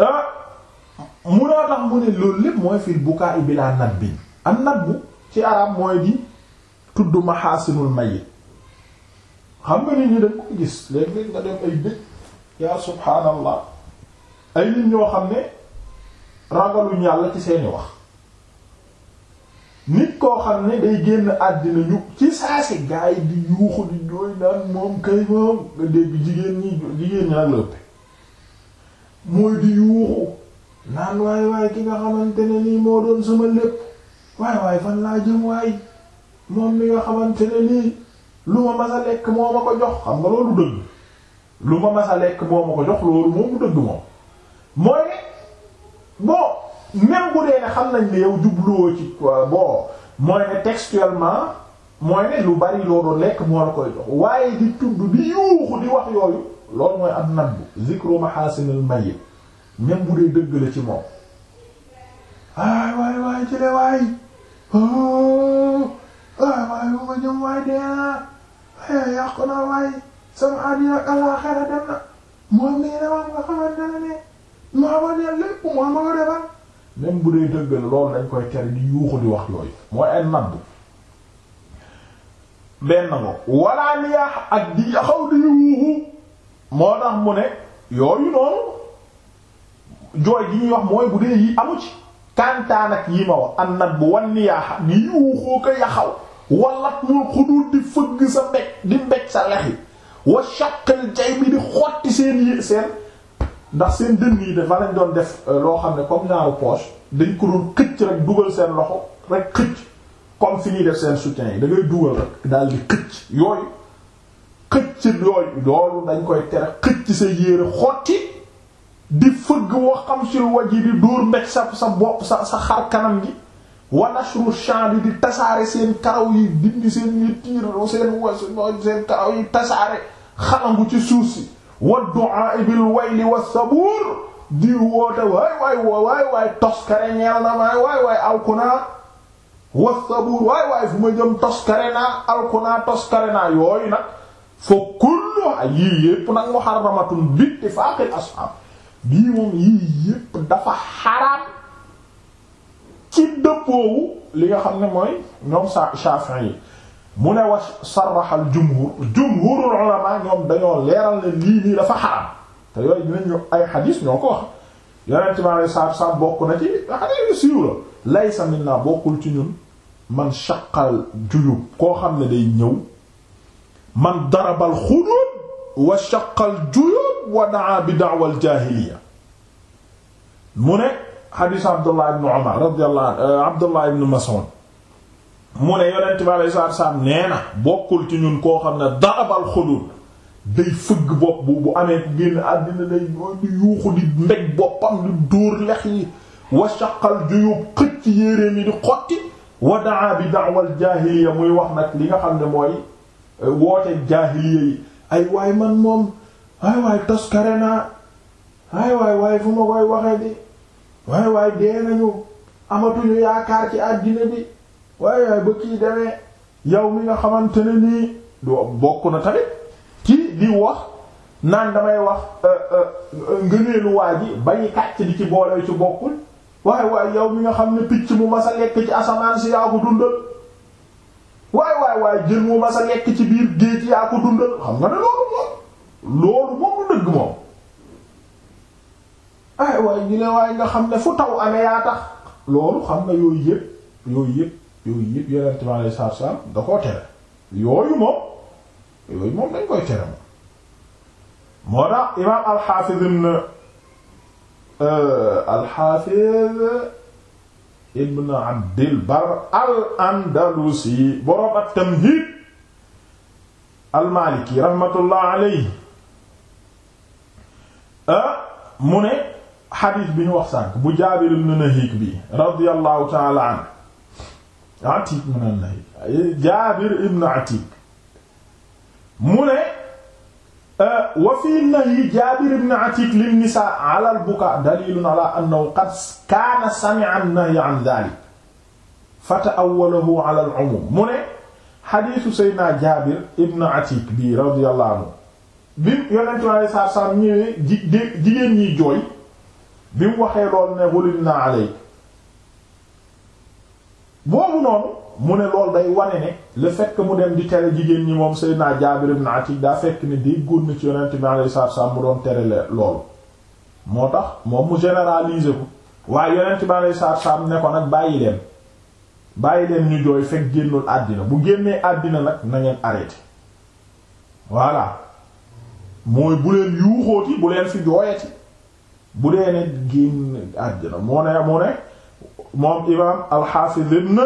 ah tax mu ne loolu lépp mooy fil bukaa i bilaa nat bi am nat bu ci arab mooy di tudd maxaasinul mayit xam nga nit ñi dañ koy gis léeg nga dem ay dëj yaa subhaanallah ay nit ñoo xam ne ragaluñ yàlla ci seeni wax nit koo xam ne day génn àddina ñu ci saa si gaa yi di yuuxu di jooy naan moom kay moom nga dégg jigéen ñi jigéen ñi lëpp mooy di yuuxu naan waay waay ki nga xamante ne nii moo doon sama lépp waay waay fan laa jëm waay moom mi nga xamante ne nii lu ma mas a lekk moo ma ko jox xam nga loolu dëgg lu ma mas a lekk moo ma ko jox loolu moom mu dëgg moom mooy ne bon même bu dee ne xam nañ ne yow jubluwoo ci quoi mooy ne textuellement mooy ne lu bari loo doon lekk moo la koy jox waaye di tudd di yuuxu di wax yooyu loolu mooy am nabb zikru mahasinil mayyit même bu dee dëgg la ci moom waay waay ci le waay oh, waay bu ma ñëm waay deena waay yàqu na waay sama àddina ak àllaxira dem na moom nee na ma nga xamante ne ne maa ma ne moo ma ko defal même bu dee dëgg la loolu dañ koy tere di yuuxu di wax yooyu mooy ay nadd benn ngo walla niyaax ak di xaw di yuuxu moo tax mu ne yooyu noonu jooy gi ñuy wax mooy bu dee yi amu ci kantaan ak yi ma wax an nat bu wan niyaaxa di ko yaxaw walat mul xuduut di fëgg sa mbéj di mbéj sa lexi wa shaqal jay bi di xotti seen yi seen ndax seen dëng yi dafa lañ doon def euh, loo xam ne comme ñaaru poche dañ ko doon xëcc rek dugal seen loxo rek xëcc comme fi ñuy def seen soutien yi da dugal rek daal di xëcc yooyu xëcc yooyu loolu dañ koy tere xëcc sa yére xotti di fëgg wa xam sil waj yi di dóor mbéj sa sa bopp sa sa xar kanam gi wanashru champ bi di tasaare seen karaw yi dindi seen ñi tiir seen was seen karaw yi tasaare xalangu ci suuf si wa du'a bil wayli was-sabur di woote waay waay waay na maay waay waay alkunaa was-sabur waay waay fu ma jëm toskare naa alkunaa toskare naa yooyu nag fa kullu yii yépp nag muharramatun bi ittifaaqil ashaab bii moom yii yépp dafa xaraam ci dëppoowu li nga xam ne mooy ñoom Shaafi'i yi mu ne wax sarraxal jumhur jumhurul ulama ñoom dañoo leeral ne lii nii dafa xaram te yooyu dinañ ñu ay xadiis ñoo ko wax yonent bi alei saatu salaam bokk na ci xadiis siiw la laysa minna bokkul ci ñun man shaqal juyub koo xam ne day ñëw man darabal xudud wa shaqal juyub wa daa bi daawal jaahiliya mu ne xadiis abdullah ibn umar radiyallahu abdullah ibn mas'ud mu ne yonent bi alayhi salaatu salaam nee na bokkul ci ñun koo xam ne darabal xudud day fëgg bopp bu bu amee ku génn àddina day di yuuxu di mbej boppam di dóor lex yi wa shaqal juyub xëcc yéeréem yi di xotti wa daa bi da'wal jaahiliya muy wax nag li nga xam ne mooy euh, woote jaahiliya yi ay waay man moom waay waay toskare naa waay waay waay fu ma koy waxee di waay waay dee nañu amatuñu yaakaar ci àddina bi waaye ba kii demee yow mi nga xamante ne nii du bokk na tamit kii di wax naan damay wax euh, euh, ngëneelu waa ji bañu kàcc di ci boole ci bokkul waaye waaye yow mi nga xam ne picc mu mas a lekk ci asamaan si yaa ko dundal waaye waaye waaye jën mu mas lekk ci biir géej yaa ko dundal xam nga ne loolu moom loolu moom lu dëgg moom waaye waaye ñu ne waaye nga xam ne fu taw ame yaa tax loolu xam na yooyu yépp yooyu yépp yooyu yëpp yonent bi alayhi salaatu salaam da koo tere yooyu moom yooyu moom dañ koy tere moom moo tax imaam alxaafiz ibn euh, alxaafiz ibn abdil bar al andalusi boroom ak tamhiid almaaliki rahmatullah alayhi ah, mu ne xadiis bi ñu wax sànk bu jaabir ibn nahiik bi radiyallahu taala an Atiq mu ne nay Jaabir ibn Atiq mu ne wa fii Jaabir ibn Atiq lin nisaa ala al bukaa dalilun ala annahu qad kaana sami'a an-nahy an dhalik fata'awwalahu ala al umum mu ne xadiisu Seydina Jaabir ibn Atiq bii radiyallahu anhu bi yonentu Yàlla saa saa ñëwee jigéen ñiy jooy bi waxee lool ne gulibnaa alayk boobu noonu mu ne loolu day wane ne le fekk mu dem di tere jigéen ñi moom Seydina Jaabir ibn Atiq daa fekk ne day góor na ci yonent bi alayhi salaatu salaam mu doon tere loolu moo tax moom mu généraliser ko waaye yonent bi alayhi salaatu salaam ne ko nag bàyyi leen bàyyi leen ñu jooy fekk génnul àddina bu génnee àddina nag na ngeen arrêté voilà mooy bu leen yuuxóoti bu leen fi jooyati bu dee ne génn àddina moo ne moo ne moom imaam alxaafiz ibn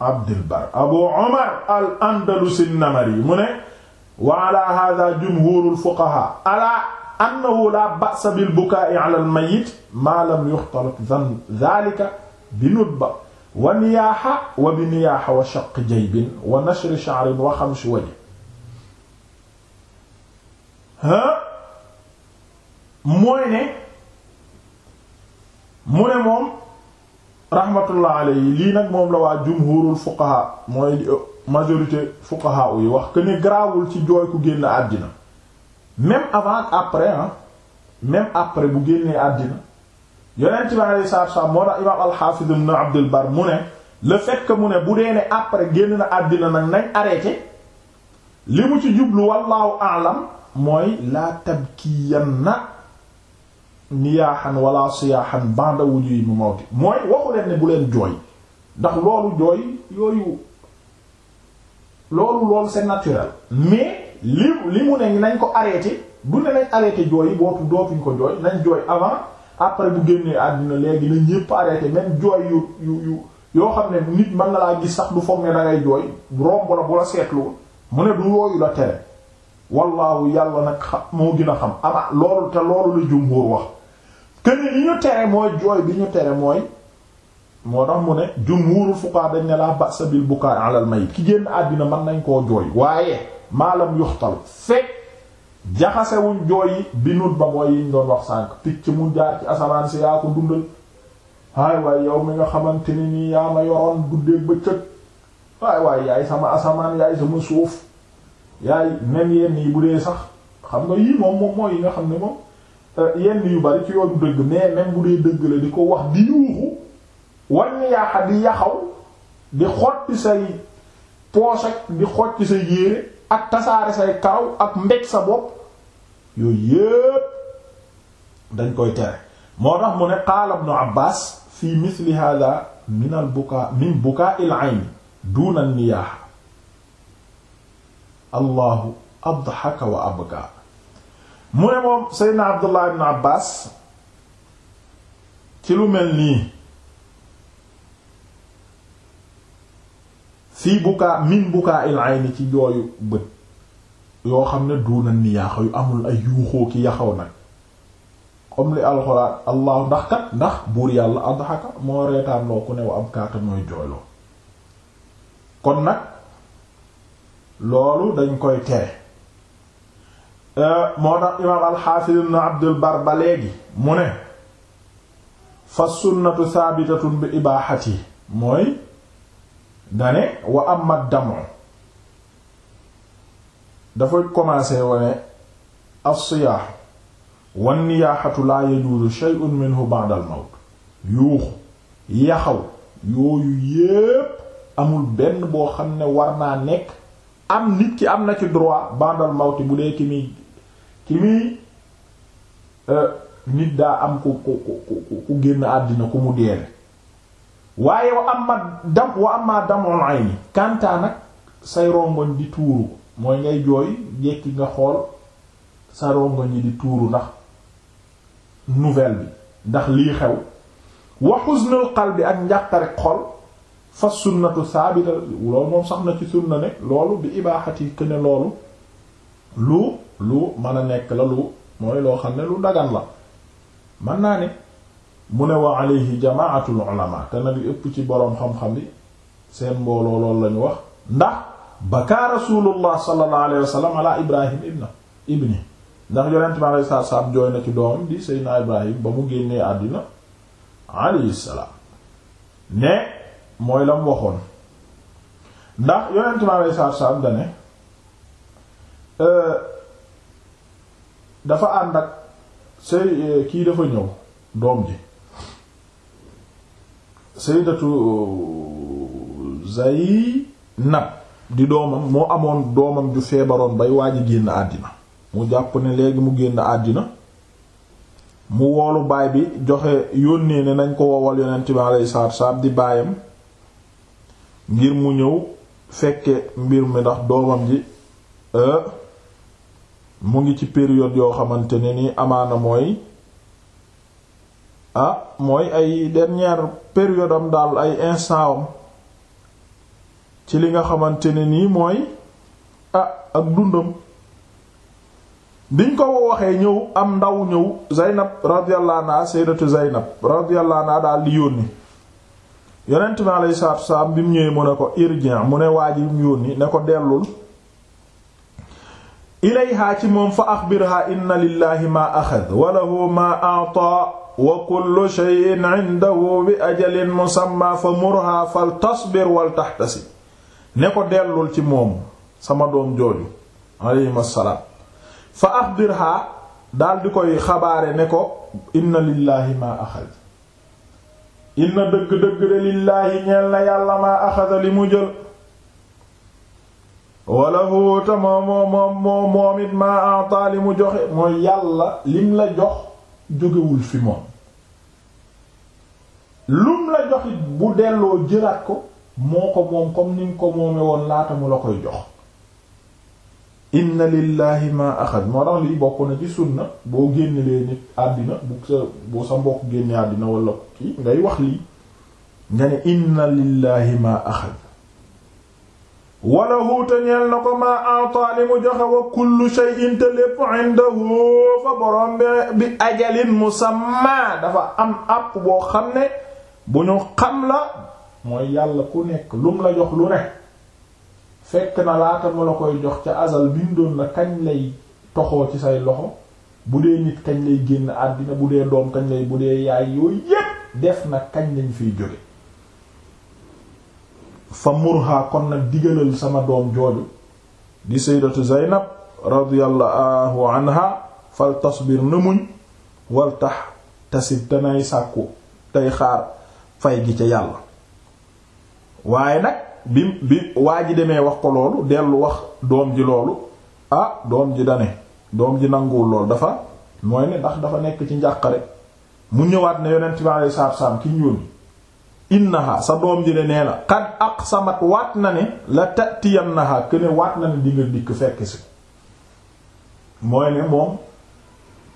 abdul bar abu omar al andalusi namari mu ne wa ala hada jumhurul fuqaha ala annahu la ba'sa bil bukaa'i ala al mayyit ma lam yuxtalat dhalika bi nudba wa niyaaha wa bi niyaaha wa shaqq jaybin wa nashri sha'rin wa xamshi wajh ha mooy ne mu ne moom rahmatullah alayhi lii nag moom la waa jumhurul fuqaha mooy euh, majorité fuqaha yi wax que ne garaawul ci jooy ku génn àddina même avant après ah même après bu génnee àddina yonent bi alayhi salaatu salaam moo tax imaam al-Hafiz mu le fait mu ne bu dee ne après na àddina nag nañ arrêté li mu ci jublu wallaahu a'lam mooy laa tabkiyanna niyaaxan wala siyaaxan banda wujuy mu mawti mooy waxu leen ne bu leen jooy ndax loolu jooy yooyu loolu loolu c'est naturel mais li li mu ne nañ ko arrêté bu ne nañ arrêté jooy bootu dootuñ ko jooy nañ jooy avant après bu génnee àdduna léegi lañ ñépp arrêté même jooy yu yu yu yoo xam ne nit man na laa gis sax du foog ne da ngay jooy romb la bu la seetluwul mu ne du yooyu la tere wallaahu yàlla nag xam moo gën a xam ama loolu te loolu la jumhur wax këne li ñu tere mooy jooy bi ñu tere mooy moo tax mu ne jumhurul fuqaha dañ ne la ba'sa bil bukaa ala al mayit ki génn àddina mën nañ koo jooy waaye maalam yuxtal fekk jaxasewuñ jooy yi bi nut ba mooy yiñ doon wax sànk picc mu jaar ci asamaan si yaa ko dundal haay waaye yow mi nga xamante ni nii yaa ma yoroon guddeeg bëccëg waaye waaye yaay sama asamaan yaay sama suuf yaay même yenn yi bu dee sax xam nga yii moom moom mooy yi nga xam ne moom Euh, yenn yu bari ci yoonu dëgg mais bu dee dëgg la di ko wax di yuuxu war ni yaaxa di yaxaw di xotti say poche ak di xotti say yére ak tasaare say kaw ak mbéj sa bopp yooyu yépp dañ koy tere moo tax mu ne qaala ibnu abbas fi mithli hada min al bukaa min bukaa il ayn duna niyaaha allahu adhaka wa abka mu ne moom seydna abdullah ibn abbas ci lu mel nii fii bukaa min bukaa il ayni ci jooyu bët yoo xam ne duuna niyaax yu amul ay yuuxoo ki yaxaw nag comme li alxuraan allah ndax kat ndax buur yàlla adhaka moo reetaan loo ku ne wa am kaata mooy jooyloo kon nag loolu dañ koy tere Euh, moo tax imaam alxaafis ibn abdul bar ba léegi mu ne fa sunnatu saabitatun bi ibaaxati mooy dane wa amma damu dafay commencé wane as-siyaah wan niyaaxatu laa yajuuzu shay'un minhu ba'da mawt yuuxu yaxaw yooyu yépp amul benn boo xam ne war naa nekk am nit ki am na ci droit ba'da al bu dee ki muy ki muy euh, nit daa am ku ku ku ku génn àddina ku mu deele waaye wa amma dam wa amma damul ayni kantaa nag say rongoñ di tuuru mooy ngay jooy jekki nga xool sa rongoñ di tuuru ndax nouvelle bi ndax lii xew wa xuznul qalbi ak njàqare xol fa sunnatu saabita loolu moom sax na ci sunna ne loolu bi ibaaxati këne loolu lu lu mën a nekk la lu mooy loo xam ne lu dagan la mën naa ne mu ne wa alayhi jamaatul ulama te nag li ci boroom xam-xam yi seen mbooloo loolu lañu wax ndax baka rasulullah sallallahu alayhi wa sallam ala ibrahim ibna ibni ndax yonent ma alei saatu salaam jooy na ci doomam di seydina ibrahim ba mu génnee àddina alayhi salaam ne mooy dafa ànd ak say eh, kii dafa ñëw doom ji datu sayyidatu Zaynab di doomam moo amoon doomam ju feebaroon bay waa ji génn àddina mu jàpp ne léegi mu génn àddina mu woolu baay bi joxe yónnee ne nañ ko wowal yonent bi alayhi salaatu di baayam ngir mu ñëw fekke mbir mi ndax doomam ji eh, mu ngi ci période yoo xamante ne ni amaana mooy ah mooy ay dernière période am daal ay instant am ci li nga xamante ne nii mooy ah ak dundam biñ ko waxee ñëw am ndaw ñëw Zaynab radiyallahu anha sayyidatu Zaynab radiyallahu anha daal di yónni yonent mi alayhi salaatu wa salaam bi mu ñëwee mu ne ko irji' mu ne waa ji mu yónni ne ko dellul ilayhaa ci moom fa axbirhaa inna lillahi maa axad wa lahu maa a'taa wa kullu shay'in 'indahu bi ajalin musammaa fa murhaa faltasbir waltaxtasib ne ko dellul ci moom sama doom jooju alayhim assalaam fa axbirhaa daal koy xabaare ne ko inna lillahi maa axad inna dëgg-dëgg de lillaahi ñeel na yàlla maa axada li mu jël wala huuta moom moom moom it maa ata li mu joxe mooy yàlla lim la jox jógewul fi moom lum la jox bu delloo jëlaat ko moo ko moom comme ni nga ko moome woon laata mu la koy jox inna lillahi ma axad moo tax lii bokk na ci sunna boo génnelee nit àddina bu sa bu sa mbokk génne àddina wala kii ngay wax lii nga ne inna lillahi ma axad wala huuta ñeel na ko maa a'ta li mu joxe wa kullu shay'in te lépp indahu fa borom bi ajalin musamma dafa am àpp boo xam ne bu ñu xam la mooy yàlla ku nekk lum la jox lu ne fekk na laata mu la koy jox ca azal bindoon na kañ lay toxoo ci say loxo bu dee nit kañ lay génn àddina bu dee doom kañ lay bu dee yaay yooyu yépp def na kañ lañ fiy jóge fa murha kon nag digalal sama doom jooju di sayyidatu Zaynab radiyallahu anha fal tasbir na muñ wal tax tasib danay sàkku tey xaar fay gi ca yàlla waaye nag bi bi waa ji demee wax ko loolu dellu wax doom ji loolu ah doom ji dane doom ji nanguwul loolu dafa mooy ne ndax dafa nekk ci njàqare mu ñëwaat ne yonent bi alayhi salaam ki ñuul innaha sa doom ji de nee na qad aqsamat waat na ne la tatiyannaha kene waat na ne di dikk fekk si mooy ne moom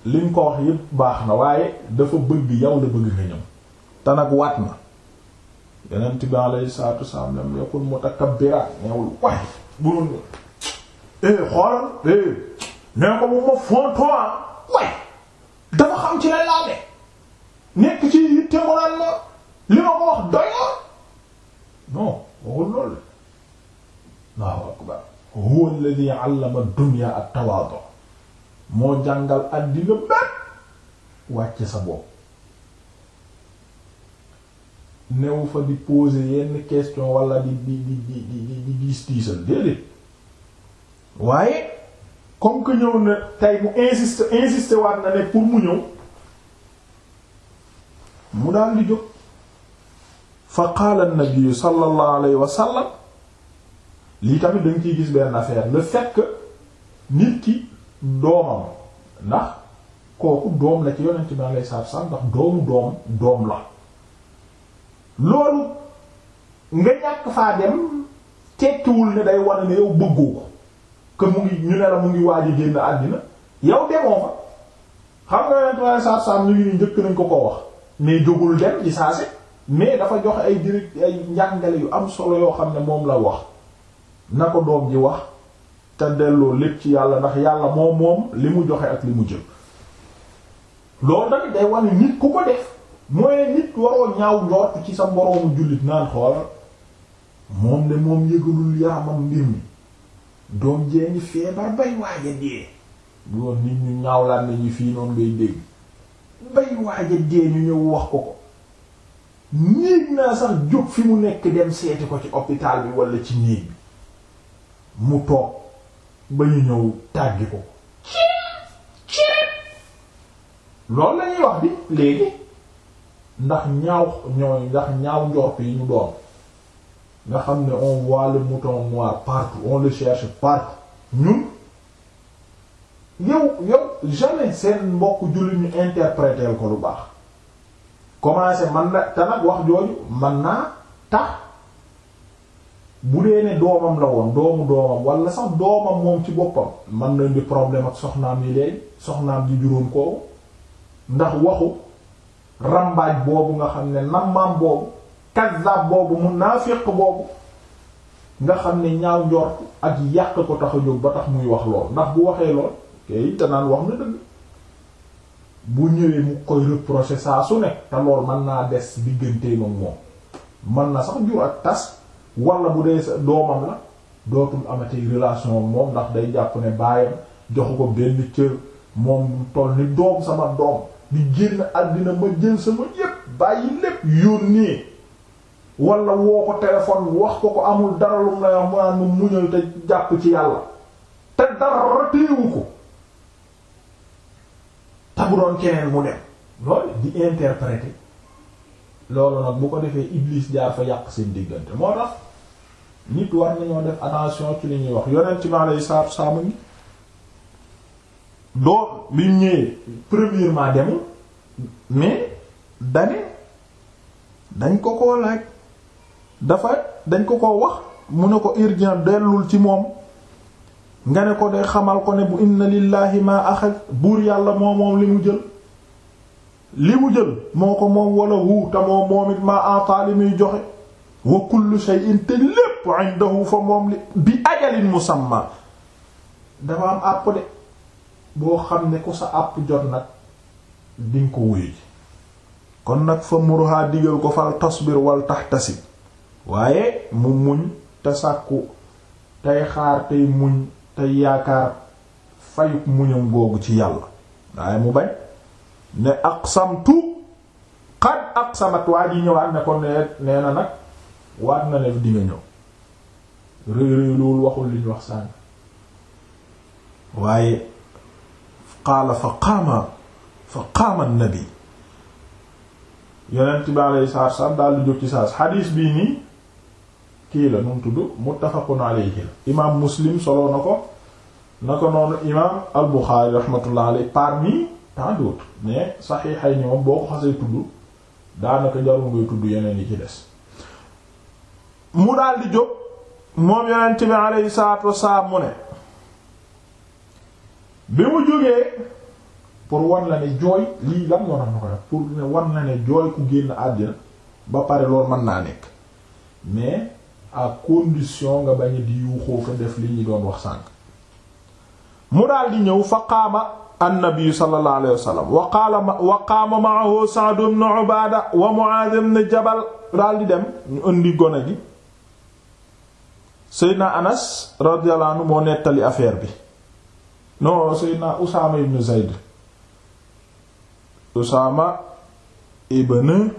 li ko wax yépp baax na waaye dafa bëgg yow la bëgg nga ñëw te waat na yonent bi alayhi salaatu wasalaam lam yakul mutakabbira neewul waay bunoon eh xoolal eh nee ko bu ma fontoa ah, waay dafa xam ci lay laale nekk ci yitte mo naan ma li ma ko wax doyoon non waxul loolu Allahu akbar huwa alladhi 'allama ad-dunya at moo jàngal àddina bépp wàcce sa bopp new fa di poser yenn question wala di di di di di di diis diisal déedéet waaye comme que ñëw na tey mu insiste insiste waat na ne pour mu ñëw mu daal di jóg fa qaala an-nabi sallallahu alayhi wa sallam tamit dañ ciy gis benn affaire le fait que nit ki doomam ndax kooku doom la ci yonent bi alayhi salaatu wa salaam ndax doomu doom doom la loolu nga ñàkk faa dem tekkiwul ne day wane ne yow bëggoo ko que mu ngi ñu ne la mu ngi waaj a génn àddina yow demoo fa xam nga yonent bi alayhi salaatu ñu ngi njëkk nañ ko ko wax mais jógul dem ci mais dafa jox ay direct ay njàngale yu am solo yoo xam ne moom la wax na ko doom ji wax te delloo lépp ci yàlla ndax yàlla moom moom li mu joxe ak li mu jël loolu tamit day wane nit ku ko def mooy nit waroo ñaaw njort ci sa moroomu jullit naan xool moom de moom yëgalul yaramam mbir mi doom jee ngi feebar bay waaja dee bu nit ñu ñaaw laan nañu fii noonu ngay dégg bay waaja dee ñu ñëw wax ko ko néeg naa sax jóg fi mu nekk dem seeti ko ci hôpital bi walla ci néeg bi mu toog ba ñu ñëw tàggi ko loolu la wax bi léegi ndax ñaaw ñooy ndax ñaaw njort yi ñu doon nga xam ne on voit le mouton noir partout on le cherche partout ñun yow yow jamais seen mbokk jullit ñu interpréter ko lu baax commencé man na te nag wax jooju man naa tax bu dee ne doomam la woon doomu doomam wala sax doomam moom ci boppam man nañ di problème ak soxnaam yi léegi soxnaam ji juróom kooku ndax waxu rambaaj boobu nga xam ne nammaam boobu kazzab boobu mun naa féq boobu nga xam ne ñaaw njort ak yàq ko tax a jóg ba tax muy wax lool ndax bu waxee lool te naan wax na dëgg bu ñëwee mu koy reprocher saa su nekk te lool mën naa des diggante moom moom mën na sax jur ak tas walla bu dee sa doomam la dootul amati relation moom ndax day jàpp ne baayam joxu ko benn cër moom toll ni doom sama doom di génn àddina ma jël sama yépp bàyyi lépp yónnee wala woo ko téléphone wax ko ko amul dara lu mu lay wax mu naan te jàpp ci yàlla te dara téewu ko bu doon keneen mu dem loolu di interpréter loolu nag bu ko defee Iblis jaar fa yàq seen diggante moo tax nit war nañoo def attention ki li ñuy wax yonent mi alayhi salaatu wa salaam ngi doo bi ñëwee premièrement demul mais dane dañ ko koo laaj dafa dañ ko ko wax mu ne ko urgent dellul ci moom nga ne ko de xamal ko ne bu inna lillahi ma axaj buur yàlla moo moom li mu jël li mu jël moo ko moom wala hu te moom it maa ataa muy joxe wa kullu shay'in te lépp indahu fa moom li bi ajalin musamma dafa am àpp de boo xam ne ku sa àpp jot nag dinga ko wuyu kon nag fa muruhaa digal ko fal tasbir wal tahtasib waaye mu muñ te sàkku tey xaar tey muñ tey yaakaar fayuk muñam googu ci yàlla waaye mu bañ ne aqsamtu qad aqsamat waa ji ñëwaat ne ko nee nee na nag waat na ne di ñëw rëy rëy loolu waxul li wax sànk waaye qaala fa qaama fa qaama an-nabi yonent bi alayhi salaatu wa di jóg ci saas xadiis bii nii kii la nu mu tudd muttafaqun alayhi imaam muslim solo na ko na ko noonu imaam al buxaari alayhi parmi tant d'autres mais saxiixay ni boo ko xasee tudd daanaka jarul ngay tudd yeneen yi ci des. mu daal di jóg moom yonent bi alayhi salaatu wasalaam mu ne bi mu jógee pour wan la ne jooy lii lan moo tax ma ko def pour ne wan ne jooy ku génn àddina ba pare loolu mën naa nekk mais. à condition nga bañ di yuuxoo ko def li ñu doon wax sànk mu daal ñëw fa qaama annabi sallallahu alayhi wa sallam wa qaala wa qaama ma'ahu Sa'd Ubaada wa Mu'aaz ibn Jabal daal dem ñu indi gone gi Seydina Anas radiyallahu moo nettali affaire bi non Seydina Usaama ibn Zayd Usaama ibn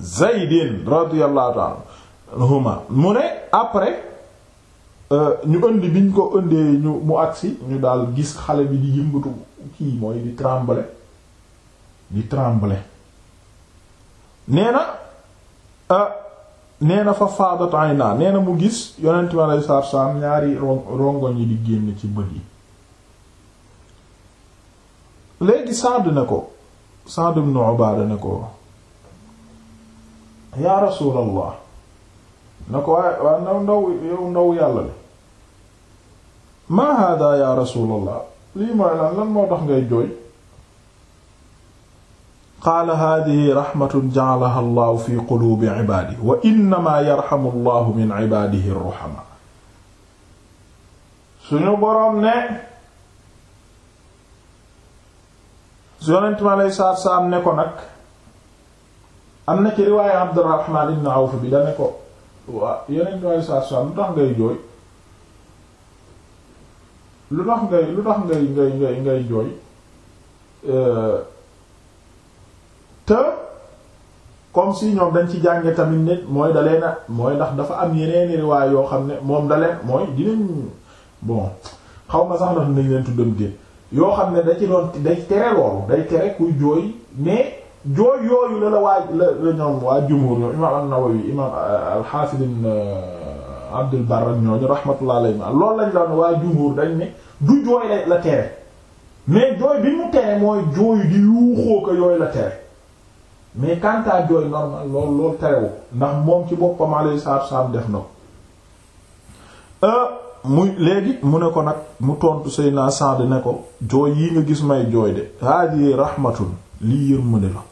Zaydin radiyallahu anhu huma mu ne après euh, ñu indi biñ ko indee ñu mu agsi ñu daal gis xale bi di yëngatu kii mooy di trembler di trembler nee na euh, fa faadat ayna nee na mu gis yonent bi alei salatu salaam ñaari rongoñ yi di génn ci bët yi léegi Saad ne ko Saad ibn Ubaada ne ko yaa rasuulallah na ko waaye waaye ndaw ndaw yow ndaw yàlla li maa hàddaa yaa rasuulallah lii mooy lan lan moo tax ngay jooy qaala hàdhihi raxmatun ja'alaha fi quluubi ibaadihi wa innamaa yarxamu min ibaadihi ar-ruhamaa suñu boroom ne yonent ma lay saar saam ne ko nag am na ci riwaaye Abdurraxmaan ibn Awf bi da ko waa yeneen ñooy saabsaab lu tax ngay jooy lu tax ngay lu tax ngay ngay ngay ngay jooy te comme si ñoom dañ ci jànge tamit nit mooy dalee na mooy ndax dafa am yeneen riwaay yoo xam ne moom daleen mooy dinañ bon xaw ma sax ndax nañ leen tuddam génn yoo xam ne da ci doon day tere loolu day tere kuy jooy mais. jooy yooyu la la waa la ñoom waa jumhur ñoom imaam an-Nawawi imaam euh, al euh, Abdul Barr ñooñu rahmatullah loolu lañ doon waa jumhur dañ ne du jooy la tere mais jooy bi mu tere mooy jooy di yuuxoo ko yooyu la tere mais quant jooy normal loolu loolu terewu ndax moom ci boppam alayhi salaatu wassalaam def na ko euh, muy léegi mu ne ko nag mu tontu naa Sa'd ne ko jooy yi nga gis may jooy de hadi rahmatun lii yërmande la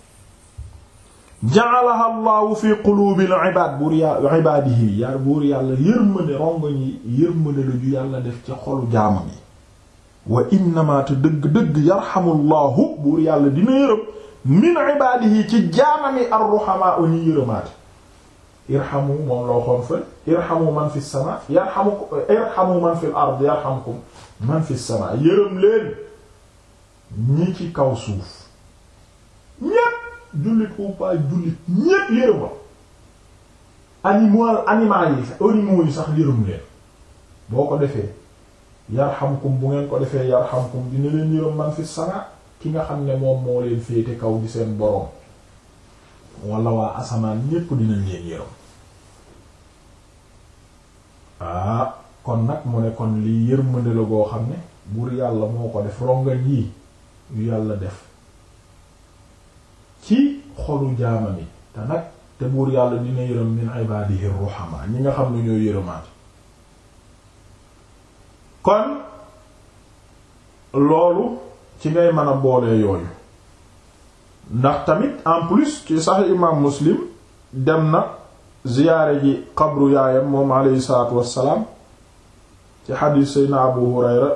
ja'alaha Allahu fi qulubil ibaad buur ya ibaadihi yaa buur yàlla yërmande rongoñ yi yërmande la ju yàlla def ci xolu jaamam yi wa innamaa te dëgg-dëgg yarhamullahu buur yàlla dina yërëm min ibaadihi ci jaamam yi ar-ruhamaa u ñuy yërëmaate irhamu moom loo xoon fa irhamu man fi sama yarhamu irhamu man fi ard yarhamkum man fi sama yërëm leen ñi ci kaw suuf ñépp jullit ou pas jullit ñépp yërëm wa animal yi sax yi sax yërëm boo ko defee yar xam yarhamkum bu ngeen ko defee yarhamkum dina leen yërëm man fi sana ki nga xam ne moom moo leen féete kaw di seen boroom wala waa asamaan ñépp dinañ leen yërëm ah kon nag mu ne kon lii yërmande la goo xam ne buur yàlla moo ko def rongal yii yu yàlla def ci xolu jaamam yi te nag te buur yàlla dina yërëm min ibadihi ruhama ñi nga xam ne ñoo yërëmaat kon loolu ci ngay mën a boolee yooyu ndax tamit en plus ci sax imam muslim dem na ziyaare ji xabru yaayam moom alayhi salaatu wassalaam ci xadiis sayna abu hurayra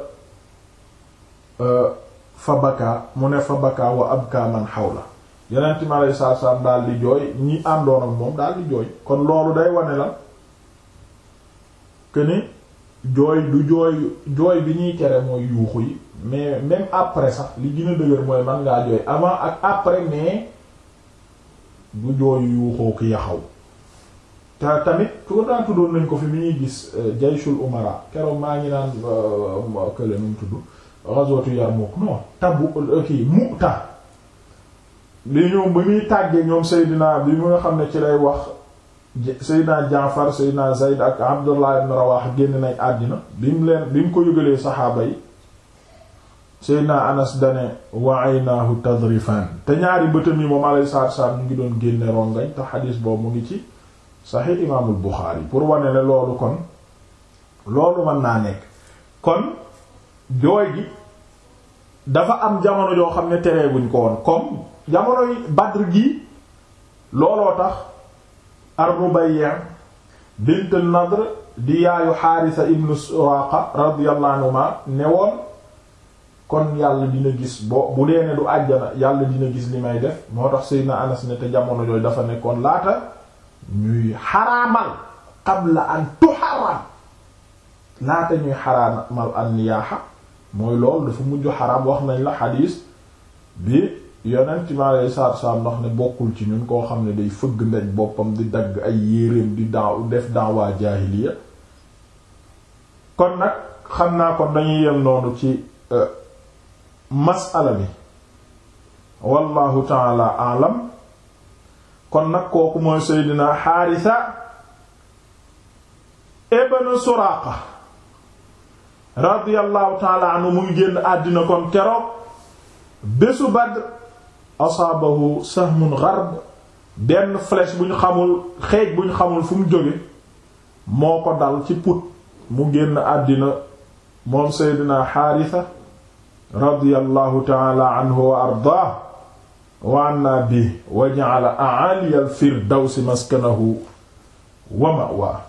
euh, fa baka mu ne fa baka wa abka man xawla yeneen time alay saab saab daal di jooy ñi àndoon moom daal di jooy kon loolu day wane la que ni jooy du jooy jooy bi ñuy tere mooy yuuxu yi mais même après sax li gën a dëgër mooy man ngaa jooy avant ak après mais du jooy yuuxoo ki yaxaw te tamit ku daan tuddoon nañ ko fi mi ñuy gis euh, jayshul umara keroog maa ngi naan euh, kële nu mu tudd ghazwatu Yarmouk non tabu euh, kii Mu'ta bi ñoom bi muy tàggee ñoom Seydina bi mu nga xam ne ci lay wax Seydina Jaafar Seydina Zayd ak Abdullah ibn Rawah génn nañ àddina bi mu leen bi mu ko yëgalee saxaaba yi Seydina Anas dane wa aynaahu tadrifan te ñaari bëtam yi moom alayhi salaatu salaam mu ngi doon génne rongañ te xadiis boobu mu ngi ci Sahih Imaamul Buxaari pour wane ne loolu kon loolu mën naa nekk kon jooy gi dafa am jamono joo xam ne teree buñ ko woon comme jamonoy Badr gi looloo tax ar-Rubayya bint an-Nadr di yaayu Xaarisa ibnu Suraaqa radiyallahu anhuma ne woon kon yàlla dina gis boo bu dee ne du àjjana yàlla dina gis li may def moo tax Seydina Anas ne te jamono jooju dafa ne kon laata ñuy xaraamal qabla an tuharram laata ñuy xaraamal an niyaaxa mooy loolu dafa mujj xaraam wax nañ la xadiis bi yonent bi aleyhi salaatu salaam ndax ne bokkul ci ñun koo xam ne day fëgg ndaj boppam di dagg ay yéreem di daaw def daawaa jaahiliya kon nag xam naa ko dañuy yem noonu ci euh, masala mi wallahu taala kon nag kooku mooy seydina xaarisa ibn suraaqa radiyallahu taala mu ngi àddina kon keroog bésu Badr asaabahu sahmun gharb benn flèche buñ xamul xeej bu ñu xamul fu jóge moo ko dal ci put mu génn àddina moom seydina xaarisa radiyallahu taala anhu wa ardaah wa anna bi wa ja'ala a'ali al firdawsi maskanahu wa ma'waa